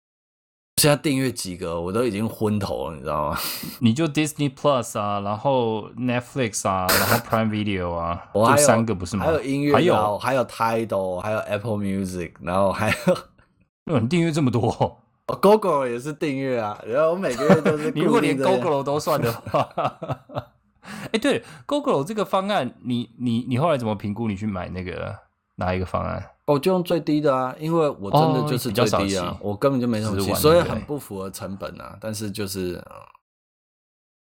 現在訂閱幾個我都已經昏頭了，你知道嗎？你就 Disney Plus 啊，然後 Netflix 啊， [LAUGHS] 然後 Prime Video 啊，我還有就三個不是嗎？還有音樂，還有後還有 Tidal，還有 Apple Music，然後還有。哦， [LAUGHS] 你訂閱這麼多，Gogoro 也是訂閱啊？然後我每個月都是。 [LAUGHS] 你如果連 Gogoro 都算的話。 [LAUGHS] 哎，欸、對，Google 這個方案，你你你後來怎麼評估？你去買那個哪一個方案？哦，oh, 就用最低的啊，因為我真的就是最、哦、比較低啊，我根本就沒什麼錢，所以很不符合成本啊。對但是就是，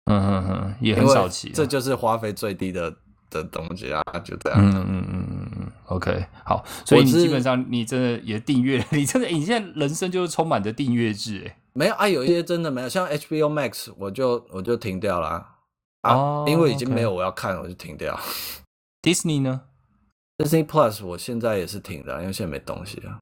嗯哼哼，也很少起小氣，這就是花費最低的的東西啊，就這樣。嗯嗯嗯嗯嗯，OK，好，所以你基本上你真的也訂閱，是 [LAUGHS] 你真的你現在人生就是充滿着訂閱制、欸，哎，沒有啊，有一些真的沒有，像 HBO Max，我就我就停掉了、啊。啊，因為已經沒有我要看，oh, okay. 我就停掉。Disney 呢？Disney Plus 我現在也是停的，因為現在沒東西了。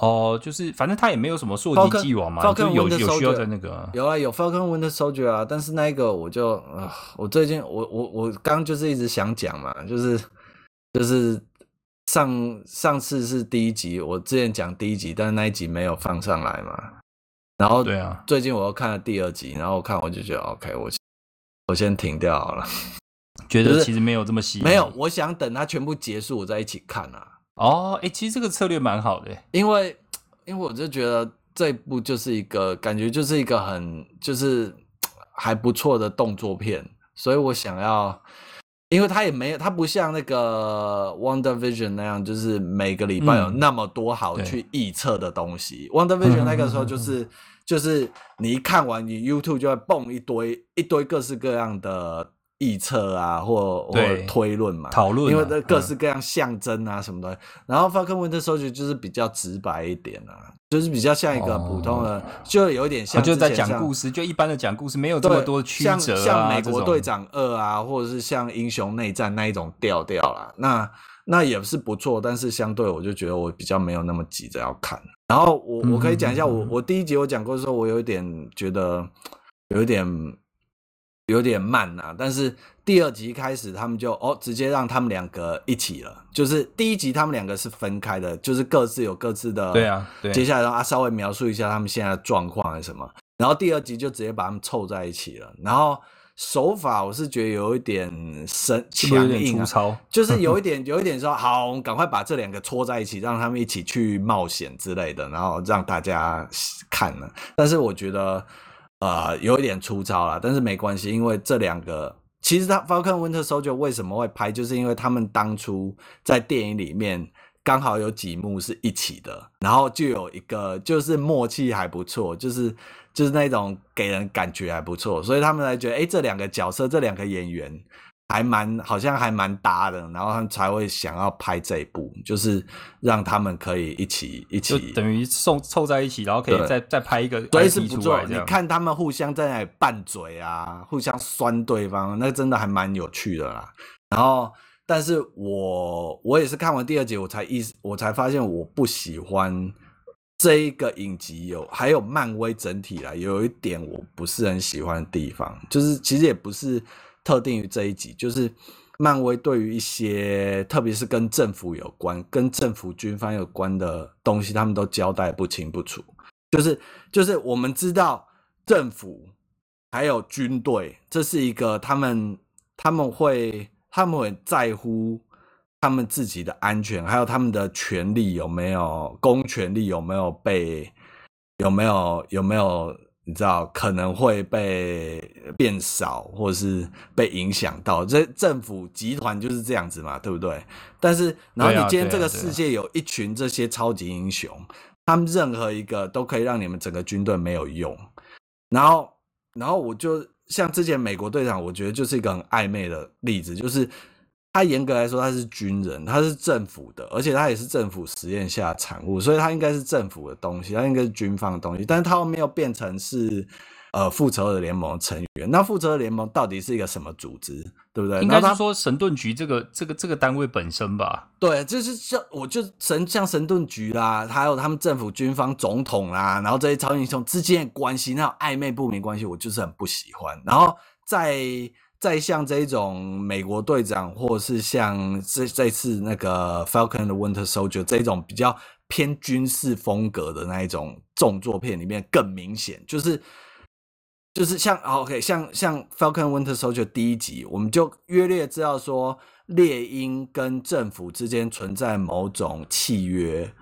哦，oh, 就是反正它也沒有什麼，數據計劃嘛，就是有需要在那個、啊。有啊，有 Falcon Winter Soldier 啊，但是那一個我就啊、呃，我最近我我我剛就是一直想講嘛，就是就是上上次是第一集，我之前講第一集，但是那一集沒有放上來嘛。然後對啊，最近我又看了第二集，然後我看我就覺得 OK，我。我先停掉好了，覺得其實沒有這麼吸引、就是。沒有，我想等它全部結束，我再一起看啊。哦，哎、欸，其實這個策略蠻好的、欸，因為因為我就覺得這一部就是一個感覺就是一個很就是還不錯的動作片，所以我想要，因為它也沒有，它不像那個《WandaVision》那樣，就是每個禮拜有那麼多好去臆測的東西。嗯，《WandaVision》那個時候就是。 [LAUGHS] 就是你一看完，你 YouTube 就會蹦一堆一堆各式各樣的臆測啊，或對或推論嘛，討論，因為這各式各樣象徵啊什麼的。嗯、然後 Falcon and Winter Soldier 就是比較直白一點啊，就是比較像一個、哦、普通的，就有點像,像、啊、就在講故事，就一般的講故事，沒有這麼多曲折、啊、像像美國隊長二啊，種或者是像英雄內戰那一種調調啦。那那也是不錯，但是相對我就覺得我比較沒有那麼急着要看。然後我我可以講一下，我我第一集我講過的時候，我有點覺得有點有點慢啊，但是第二集開始，他們就哦直接讓他們兩個一起了。就是第一集他們兩個是分開的，就是各自有各自的。對啊，對。接下來的話，啊，稍微描述一下他們現在的狀況還是什麼。然後第二集就直接把他們湊在一起了。然後。手法我是覺得有一點生強硬粗糙，就是有一點有一點說好，我們趕快把這兩個搓在一起，讓他們一起去冒險之類的，然後讓大家看了。但是我覺得呃有一點粗糙啦，但是沒關係，因為這兩個其實他 Falcon Winter Soldier 為什麼會拍，就是因為他們當初在電影裡面。剛好有幾幕是一起的，然後就有一個就是默契還不錯，就是就是那種給人感覺還不錯，所以他們才覺得哎、欸，這兩個角色這兩個演員還蠻好像還蠻搭的，然後他們才會想要拍這一部，就是讓他們可以一起一起，等於湊湊在一起，然後可以再對再拍一個東西出來。你看他們互相在那裡拌嘴啊，互相酸對方，那真的還蠻有趣的啦。然後。但是我我也是看完第二集我才意我才發現我不喜歡這一個影集有還有漫威整體來，有一點我不是很喜歡的地方，就是其實也不是特定於這一集，就是漫威對於一些特別是跟政府有關、跟政府軍方有關的東西，他們都交代不清不楚。就是就是我們知道政府還有軍隊，這是一個他們他們會。他們很在乎他們自己的安全，還有他們的權利有沒有公權力有沒有被有沒有有沒有你知道可能會被變少，或是被影響到？這政府集團就是這樣子嘛，對不對？但是，然後你今天這個世界有一群這些超級英雄，他們任何一個都可以讓你們整個軍隊沒有用。然後，然後我就。像之前美國隊長，我覺得就是一個很曖昧的例子，就是他嚴格來說他是軍人，他是政府的，而且他也是政府實驗下產物，所以他應該是政府的東西，他應該是軍方的東西，但是他沒有變成是。呃，復仇者聯盟成員，那復仇者聯盟到底是一個什麼組織，對不對？應該是說神盾局這個這個這個單位本身吧。對，就是像我就神像神盾局啦，還有他們政府軍方總統啦，然後這些超英雄之間的關係，那種曖昧不明關係，我就是很不喜歡。然後在在像這一種美國隊長，或是像這這次那個 Falcon and the Winter Soldier 這一種比較偏軍事風格的那一種動作片裡面，更明顯就是。就是像 OK，像像《Falcon Winter Soldier》第一集，我們就約略知道說，獵鷹跟政府之間存在某種契約，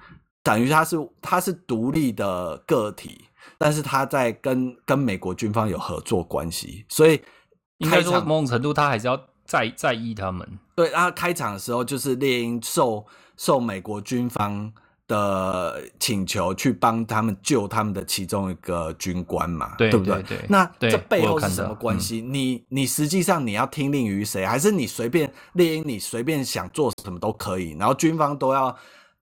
等於他是他是獨立的個體，但是他在跟跟美國軍方有合作關係，所以開場，應該說某種程度他還是要在在意他們。對，他開場的時候就是獵鷹受受美國軍方的請求去幫他們救他們的其中一個軍官嘛，對，對，對，對不對？對對，那這背後是什麼關係？你你實際上你要聽令於誰？嗯，還是你隨便獵鷹，你隨便想做什麼都可以？然後軍方都要，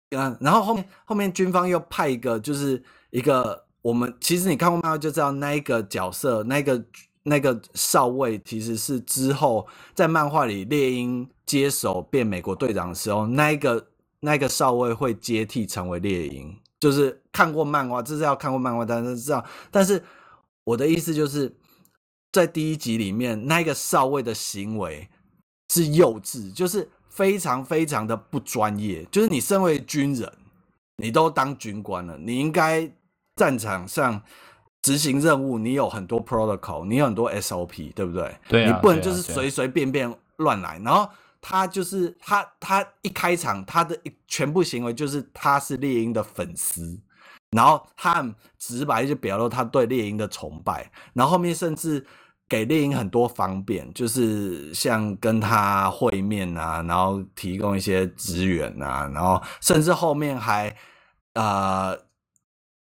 呃，然後後面後面軍方又派一個，就是一個我們其實你看過漫畫就知道，那一個角色，那個那個少尉其實是之後在漫畫裡獵鷹接手變美國隊長的時候，那一個。那個少尉會接替成為獵鷹，就是看過漫畫，這是要看過漫畫，但是知道，但是我的意思就是，在第一集裡面，那個少尉的行為是幼稚，就是非常非常的不專業。就是你身為軍人，你都當軍官了，你應該戰場上執行任務，你有很多 protocol，你有很多 SOP，對不對？對、啊，啊啊、你不能就是隨隨便便亂來，然後。他就是他，他一開場，他的一全部行為就是他是獵鷹的粉絲，然後他很直白就表露他對獵鷹的崇拜，然後後面甚至給獵鷹很多方便，就是像跟他會面啊，然後提供一些資源啊，然後甚至後面還呃，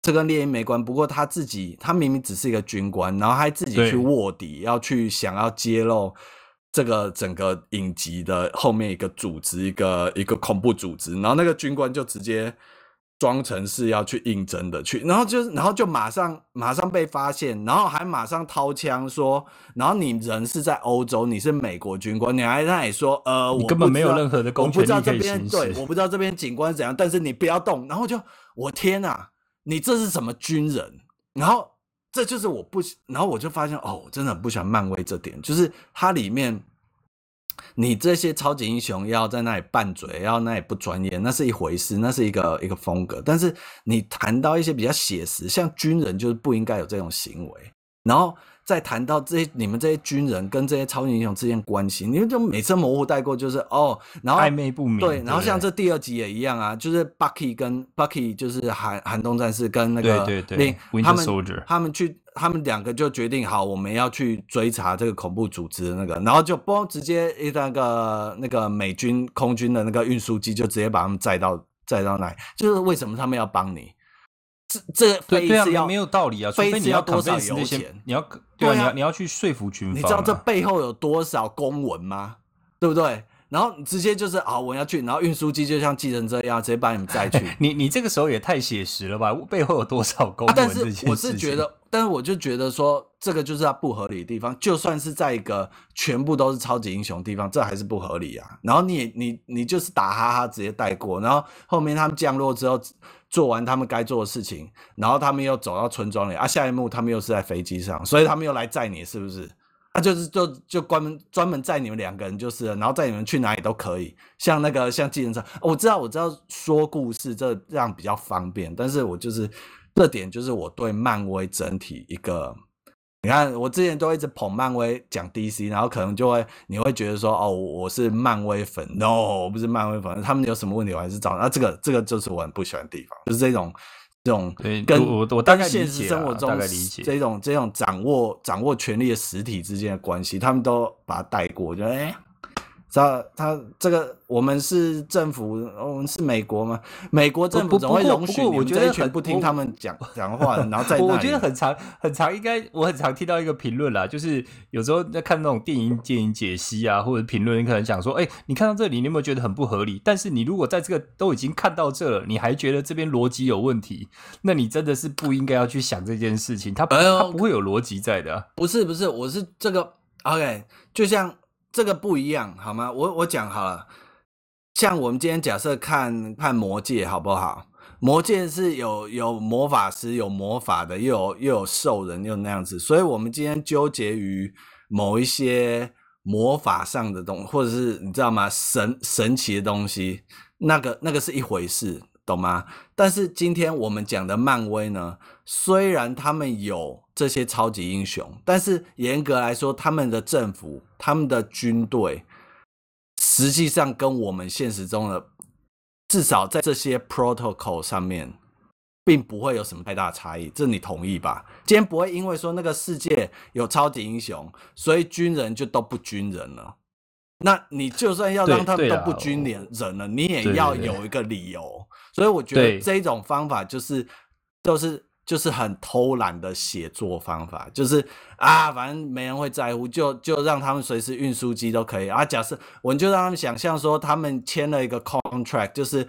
這跟獵鷹沒關，不過他自己，他明明只是一個軍官，然後還自己去臥底，對要去想要揭露，這個整個影集的後面一個組織，一個一個恐怖組織，然後那個軍官就直接裝成是要去應徵的去，然後就然後就馬上馬上被發現，然後還馬上掏槍說，然後你人是在歐洲，你是美國軍官，你還在那裡說，呃，我根本我沒有任何的公權力，我不知道這邊對，我不知道這邊警官是怎樣，但是你不要動，然後就我天哪，你這是什麼軍人？然後。這就是我不，然後我就發現哦，我真的很不喜歡漫威這點，就是它裡面你這些超級英雄要在那裡拌嘴，要那裡不專業，那是一回事，那是一個一個風格。但是你談到一些比較寫實，像軍人就是不應該有這種行為，然後。再談到這些你們這些軍人跟這些超級英雄之間關係，你們就每次模糊帶過就是哦，然後曖昧不明。對，然後像這第二集也一樣啊，對對對就是 Bucky 跟 Bucky 就是寒寒冬戰士跟那個那對對對 Winter Soldier，他們,他們去他們兩個就決定好我們要去追查這個恐怖組織的那個，然後就幫直接一那個那個美軍空軍的那個運輸機就直接把他們載到載到哪裡？就是為什麼他們要幫你？這這飛是、啊、沒有道理啊！飛除非你要，要多少油錢？你要對啊？對啊你要你要，你要去說服軍方、啊？你知道這背後有多少公文嗎？對不對？然後你直接就是啊，我要去，然後運輸機就像計程車一樣，直接把你們載去。你你這個時候也太寫實了吧？背後有多少公文這事情，啊？但是我是覺得，但是我就覺得說，這個就是他不合理的地方。就算是在一個全部都是超級英雄的地方，這還是不合理啊。然後你你你就是打哈哈直接帶過。然後後面他們降落之後，做完他們該做的事情，然後他們又走到村莊裡啊。下一幕他們又是在飛機上，所以他們又來載你，是不是？啊、就是就就專門專門載你們兩個人，就是了然後載你們去哪裡都可以，像那個像計程車，我知道我知道說故事這樣比較方便，但是我就是這點就是我對漫威整體一個，你看我之前都一直捧漫威講 DC，然後可能就會你會覺得說哦我是漫威粉，no 我不是漫威粉，他們有什麼問題我還是找，那、啊、這個這個就是我很不喜歡的地方，就是這種。這種跟現實生活中，我我大概理解，理解這種這種掌握掌握權力的實體之間的關係，他們都把它帶過，就哎。他他這個，我們是政府，我們是美國嘛？美國政府怎麼會容許你們這群不聽他們講講我話然後再。我覺得很常很常，應該我很常聽到一個評論啦，就是有時候在看那種電影電影解析啊，或者評論，你可能想說，哎、欸，你看到這裡，你有沒有覺得很不合理？但是你如果在這個都已經看到這了，你還覺得這邊邏輯有問題，那你真的是不應該要去想這件事情，它它不會有邏輯在的、啊嗯。不是不是，我是這個 OK，就像。這個不一樣，好嗎？我我講好了，像我們今天假設看看魔戒，好不好？魔戒是有有魔法師、有魔法的，又有又有獸人，又那樣子。所以，我們今天糾結於某一些魔法上的東西，或者是你知道嗎？神神奇的東西，那個那個是一回事。懂嗎？但是今天我們講的漫威呢，雖然他們有這些超級英雄，但是嚴格來說，他們的政府、他們的軍隊，實際上跟我們現實中的，至少在這些 protocol 上面，並不會有什麼太大差異。這你同意吧？今天不會因為說那個世界有超級英雄，所以軍人就都不軍人了。那你就算要讓他們都不軍人了，啊、你也要有一個理由。對對對所以我覺得這一種方法就是，就是就是很偷懶的寫作方法，就是啊，反正沒人會在乎，就就讓他們隨時運輸機都可以啊。假設我們就讓他們想象說，他們簽了一個 contract，就是獵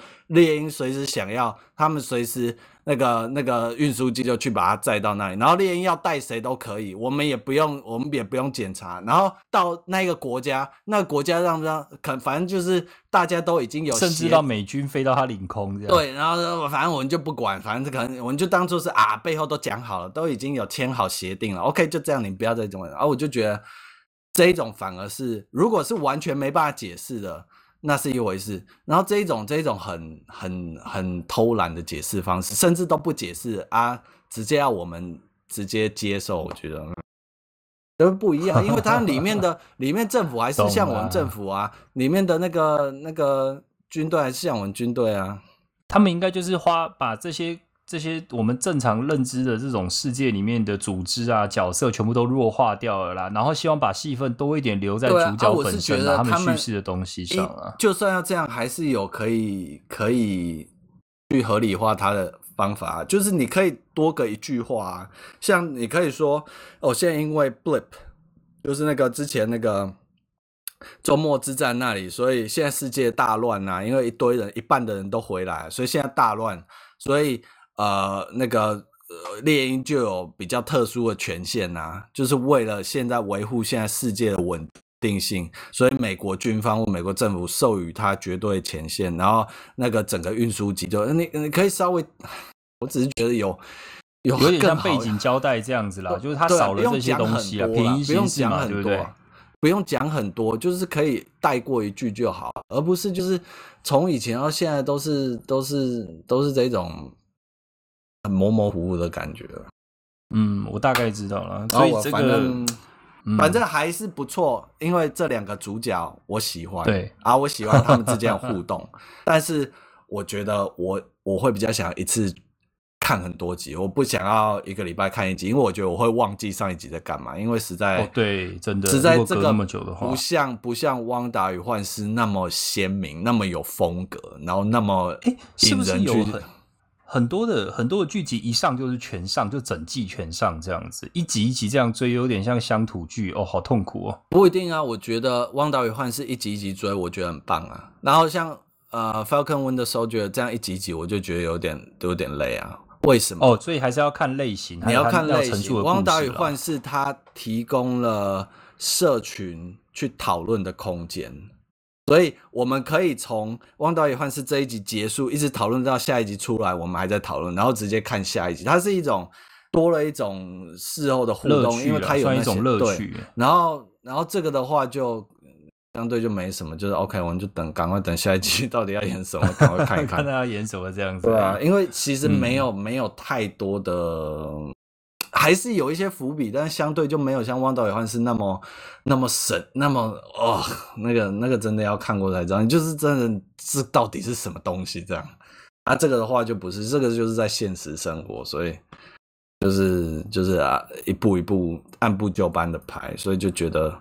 鷹隨時想要，他們隨時。那個那個運輸機就去把它載到那裡，然後獵鷹要帶誰都可以，我們也不用，我們也不用檢查。然後到那個國家，那個國家讓不讓？肯，反正就是大家都已經有，甚至到美軍飛到他領空這樣。對，然後反正我們就不管，反正可能我們就當做是啊，背後都講好了，都已經有簽好協定了。OK，就這樣，你不要再這麼。然後我就覺得這一種反而是，如果是完全沒辦法解釋的。那是一回事，然後這一種，這一種很很很偷懶的解釋方式，甚至都不解釋啊，直接要我們直接接受，我覺得都不一樣，因為它裡面的 [LAUGHS] 裡面政府還是像我們政府啊，了裡面的那個那個軍隊還是像我們軍隊啊，他們應該就是花把這些，這些我們正常認知的這種世界裡面的組織啊、角色，全部都弱化掉了啦。然後希望把戲份多一點留在主角本身、啊啊啊、他們敘事的東西上、啊、就算要這樣，還是有可以可以去合理化它的方法。就是你可以多個一句話、啊，像你可以說：“哦，現在因為 blip，就是那個之前那個周末之戰那裡，所以現在世界大亂吶、啊。因為一堆人，一半的人都回來，所以現在大亂，所以。”呃，那個、呃、獵鷹就有比較特殊的權限吶、啊，就是為了現在維護現在世界的穩定性，所以美國軍方、或美國政府授予他絕對權限。然後那個整個運輸機就你你可以稍微，我只是覺得有有有點像背景交代這樣子啦，我就是他少了這些東西啊，不用講很多便宜行事嘛，不啊、對，不，對不用講很多，就是可以帶過一句就好，而不是就是從以前到現在都是都是都是這種。很模模糊糊的感覺，嗯，我大概知道了。然後我反正所以這個，反正還是不錯，嗯、因為這兩個主角我喜歡，對，啊，我喜歡他們之間的互動。 [LAUGHS] 但是我覺得我我會比較想一次看很多集，我不想要一個禮拜看一集，因為我覺得我會忘記上一集在幹嘛。因為實在、哦、對，真的實在這個如果隔那麼久的話，不像不像《不像汪達與幻視》那麼鮮明，那麼有風格，然後那麼哎、欸，是不是有很？很多的很多的劇集一上就是全上，就整季全上這樣子，一集一集這樣追，有點像鄉土劇哦，好痛苦哦。不一定啊，我覺得《汪達與幻視》一集一集追，我覺得很棒啊。然後像呃《Falcon Wind》的時候，覺得這樣一集一集，我就覺得有點都有點累啊。為什麼？哦，所以還是要看類型，你要看類型。《汪達與幻視》他提供了社群去討論的空間。所以我們可以從《汪達與幻視》這一集結束，一直討論到下一集出來，我們還在討論，然後直接看下一集。它是一種多了一種事後的互動，因為它有一種樂趣。然後，然後這個的話就相對就沒什麼，就是 OK，我們就等，趕快等下一集到底要演什麼，趕快看一看。 [LAUGHS] 看他要演什麼這樣子啊。對啊，因為其實沒有沒有太多的。嗯還是有一些伏筆，但相對就沒有像《旺達幻視》那麼那麼神，那麼哦，那個那個真的要看過才知道。就是真的是到底是什麼東西這樣。啊，這個的話就不是，這個就是在現實生活，所以就是就是啊，一步一步按部就班的排，所以就覺得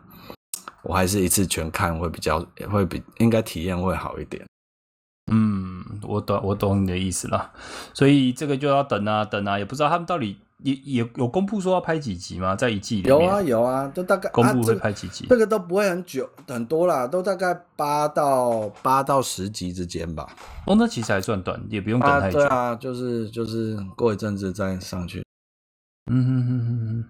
我還是一次全看會比較會比應該體驗會好一點。嗯，我懂我懂你的意思了，所以這個就要等啊等啊，也不知道他們到底。也也有公布說要拍幾集嗎？在一季裡面，有啊有啊，都大概公布會拍幾集。啊，這個，這個都不會很久，很多啦，都大概八到八到十集之間吧。哦，那其實還算短，也不用等太久啊，對啊。就是就是過一陣子再上去。嗯哼哼哼哼。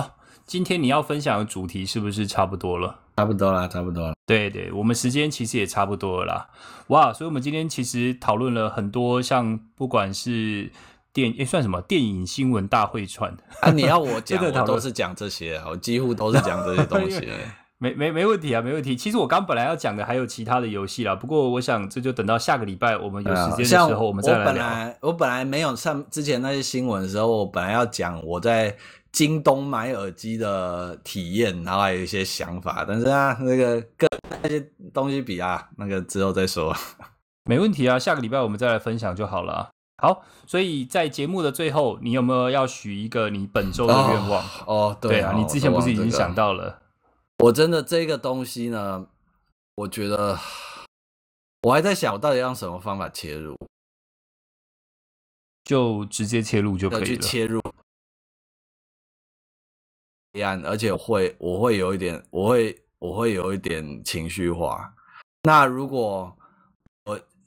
好，今天你要分享的主題是不是差不多了？差不多啦，差不多啦。對對，我們時間其實也差不多了啦。哇，所以我們今天其實討論了很多，像不管是。電、欸、算什麼電影新聞大會串啊？你要我講， [LAUGHS] 對對對，我都是講這些，我幾乎都是講這些東西。 [LAUGHS] 沒沒沒問題啊，沒問題。其實我剛本來要講的還有其他的遊戲啦，不過我想這就等到下個禮拜我們有時間的時候，我們再來聊。我本來我本來沒有上之前那些新聞的時候，我本來要講我在京東買耳機的體驗，然後還有一些想法，但是啊，那個跟那些東西比啊，那個之後再說。 [LAUGHS] 沒問題啊，下個禮拜我們再來分享就好了。好，所以在節目的最後，你有沒有要許一個你本周的願望？哦，oh, oh, 對啊，你之前不是已經想到了？我真的這個東西呢，我覺得我還在想，我到底用什麼方法切入？就直接切入就可以了。要去切入，黑暗，而且我會我會有一點，我會我會有一點情緒化。那如果？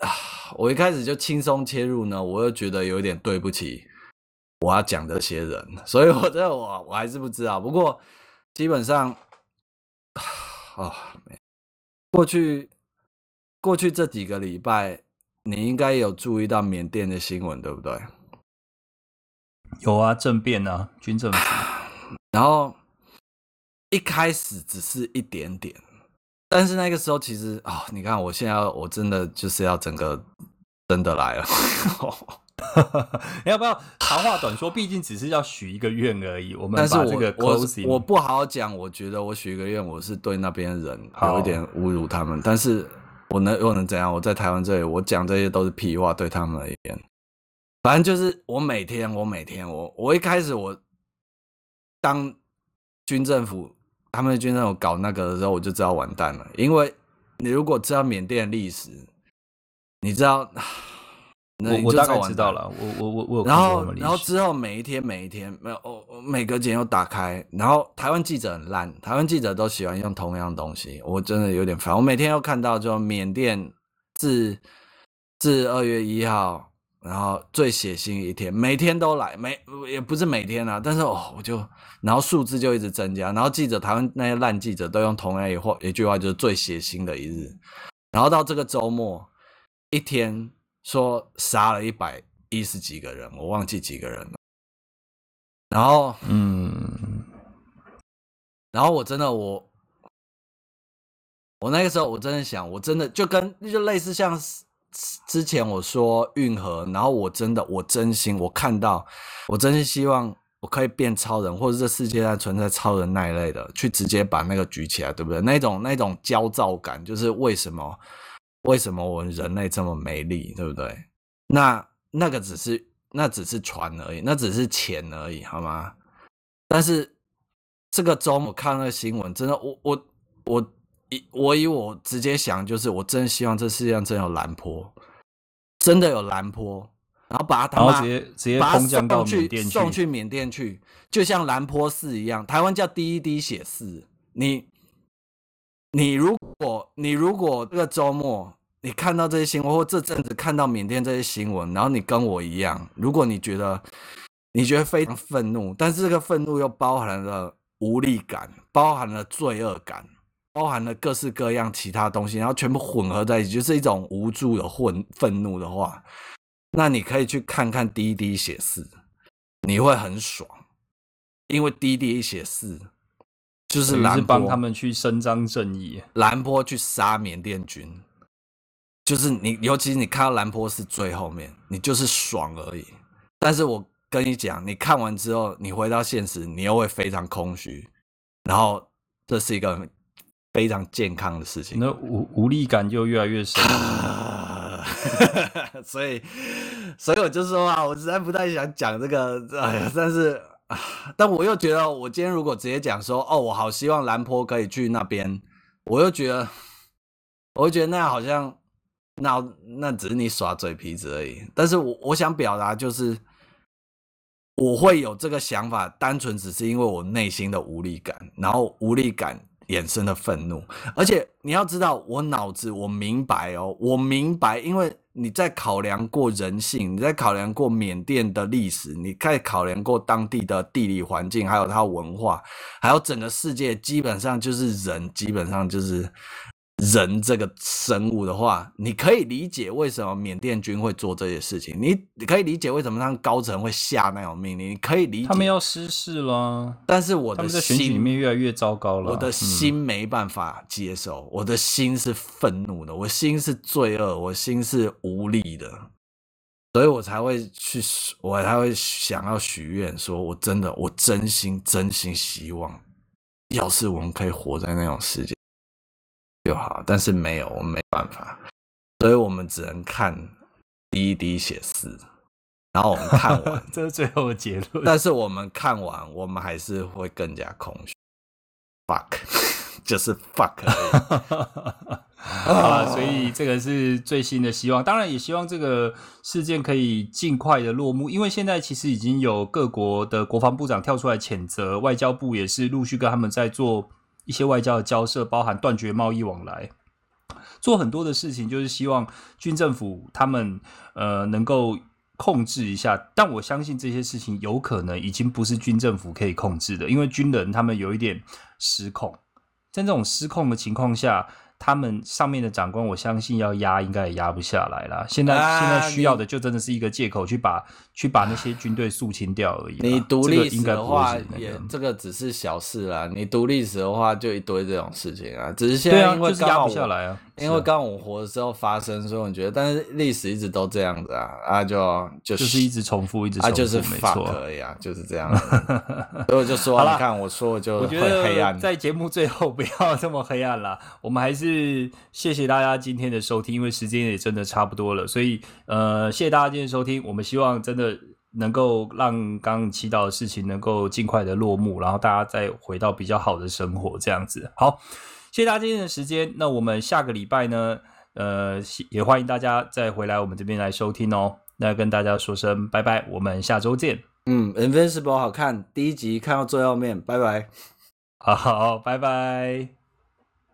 啊，我一開始就輕鬆切入呢，我又覺得有點對不起我要講這些人，所以我覺得我我還是不知道。不過基本上，哦，沒，過去過去這幾個禮拜，你應該有注意到緬甸的新聞，對不對？有啊，政變啊，軍政府，然後一開始只是一點點。但是那個時候，其實啊、哦，你看我現在，我真的就是要整個真的來了。要不要？長話短說，畢竟只是要許一個願而已。我們但是我我不好講，我覺得我許一個願，我是對那邊人有一點侮辱他們。好但是我能又能怎樣？我在台灣這裡，我講這些都是屁話，對他們而言。反正就是我每天，我每天，我我一開始我當軍政府。他們軍政府搞那個的時候，我就知道完蛋了。因為你如果知道緬甸歷史，你知道，那我，我大概知道了。我我我我。我然後然後之後每一天每一天沒有哦，每隔幾天又打開，然後台灣記者很爛，台灣記者都喜歡用同樣東西，我真的有點煩。我每天又看到就緬甸自自二月一號。然後最血腥的一天，每天都來，每也不是每天啊，但是哦，我就然後數字就一直增加，然後記者，台灣那些爛記者都用同樣一話一句話，就是最血腥的一日。然後到這個周末，一天說殺了一百一十幾個人，我忘記幾個人了。然後嗯，然後我真的我，我那個時候我真的想，我真的就跟就類似像是。之前我說運河，然後我真的，我真心，我看到，我真心希望我可以變超人，或者這世界上存在超人那一類的，去直接把那個舉起來，對不對？那種那種焦躁感，就是為什麼為什麼我們人類這麼沒力，對不對？那那個只是那只是船而已，那只是錢而已，好嗎？但是這個週末看那個新聞，真的，我我我。我以我直接想，就是我真希望這世界上真有藍波，真的有藍波，然後把它，然後直接直接空降到去，送去緬甸去，就像藍波四一樣，台灣叫第一滴血四。你你如果你如果這個周末你看到這些新聞，或者這陣子看到緬甸這些新聞，然後你跟我一樣，如果你覺得你覺得非常憤怒，但是這個憤怒又包含了無力感，包含了罪惡感。包含了各式各樣其他東西，然後全部混合在一起，就是一種無助的混憤怒的話，那你可以去看看《第一滴血4》，你會很爽，因為《第一滴血4》就是藍波是幫他們去伸張正義，藍波去殺緬甸軍，就是你，尤其你看到藍波是最後面，你就是爽而已。但是我跟你講，你看完之後，你回到現實，你又會非常空虛，然後這是一個。非常健康的事情，那無無力感就越來越深， [LAUGHS] [LAUGHS] 所以，所以我就說啊，我實在不太想講這個，哎呀，但是，但我又覺得，我今天如果直接講說，哦，我好希望蘭坡可以去那邊，我又覺得，我又覺得那樣好像，那那只是你耍嘴皮子而已。但是我我想表達就是，我會有這個想法，單純只是因為我內心的無力感，然後無力感。衍生的憤怒，而且你要知道，我腦子我明白哦，我明白，因為你在考量過人性，你在考量過緬甸的歷史，你在考量過當地的地理環境，還有它文化，還有整個世界，基本上就是人，基本上就是。人這個生物的話，你可以理解為什麼緬甸軍會做這些事情。你你可以理解為什麼他們高層會下那種命令。你可以理解他們要失事了。但是我的心裡面越來越糟糕了。我的心沒辦法接受，嗯、我的心是憤怒的，我心是罪惡，我心是無力的，所以我才會去，我才會想要許願，說我真的，我真心真心希望，要是我們可以活在那種世界。就好，但是沒有，我們沒辦法，所以我們只能看第一滴血絲，然後我們看完， [LAUGHS] 這是最後的結論。但是我們看完，我們還是會更加空虛。fuck， [LAUGHS] 就是 fuck 啊！所以這個是最新的希望， [LAUGHS] 當然也希望這個事件可以盡快的落幕，因為現在其實已經有各國的國防部長跳出來譴責，外交部也是陸續跟他們在做。一些外交的交涉，包含斷絕貿易往來，做很多的事情，就是希望軍政府他們呃能夠控制一下。但我相信這些事情有可能已經不是軍政府可以控制的，因為軍人他們有一點失控，在這種失控的情況下。他們上面的長官，我相信要壓應該也壓不下來了。現在、啊、現在需要的就真的是一個借口去把你去把那些軍隊肅清掉而已。你讀歷史的話也，也這個只是小事啦。你讀歷史的話，就一堆這種事情啊，只是現在因為壓、啊就是、不下來啊。因為剛我活的時候發生，是所以我覺得，但是歷史一直都這樣子啊啊，就，就就是一直重複，一直重複啊，就是沒錯錯，可以啊，就是這樣。 [LAUGHS] 所以我就說你啦看，我說我就很黑暗。在節目最後，不要這麼黑暗了。我們還是謝謝大家今天的收聽，因為時間也真的差不多了。所以呃，謝謝大家今天的收聽。我們希望真的能夠讓剛祈禱的事情能夠盡快的落幕，然後大家再回到比較好的生活這樣子。好。謝謝大家今天的時間，那我們下個禮拜呢，呃，也歡迎大家再回來我們這邊來收聽哦。那要跟大家說聲拜拜，我們下周見。嗯，《Invincible》好看，第一集看到最後面，拜拜。好好，拜拜。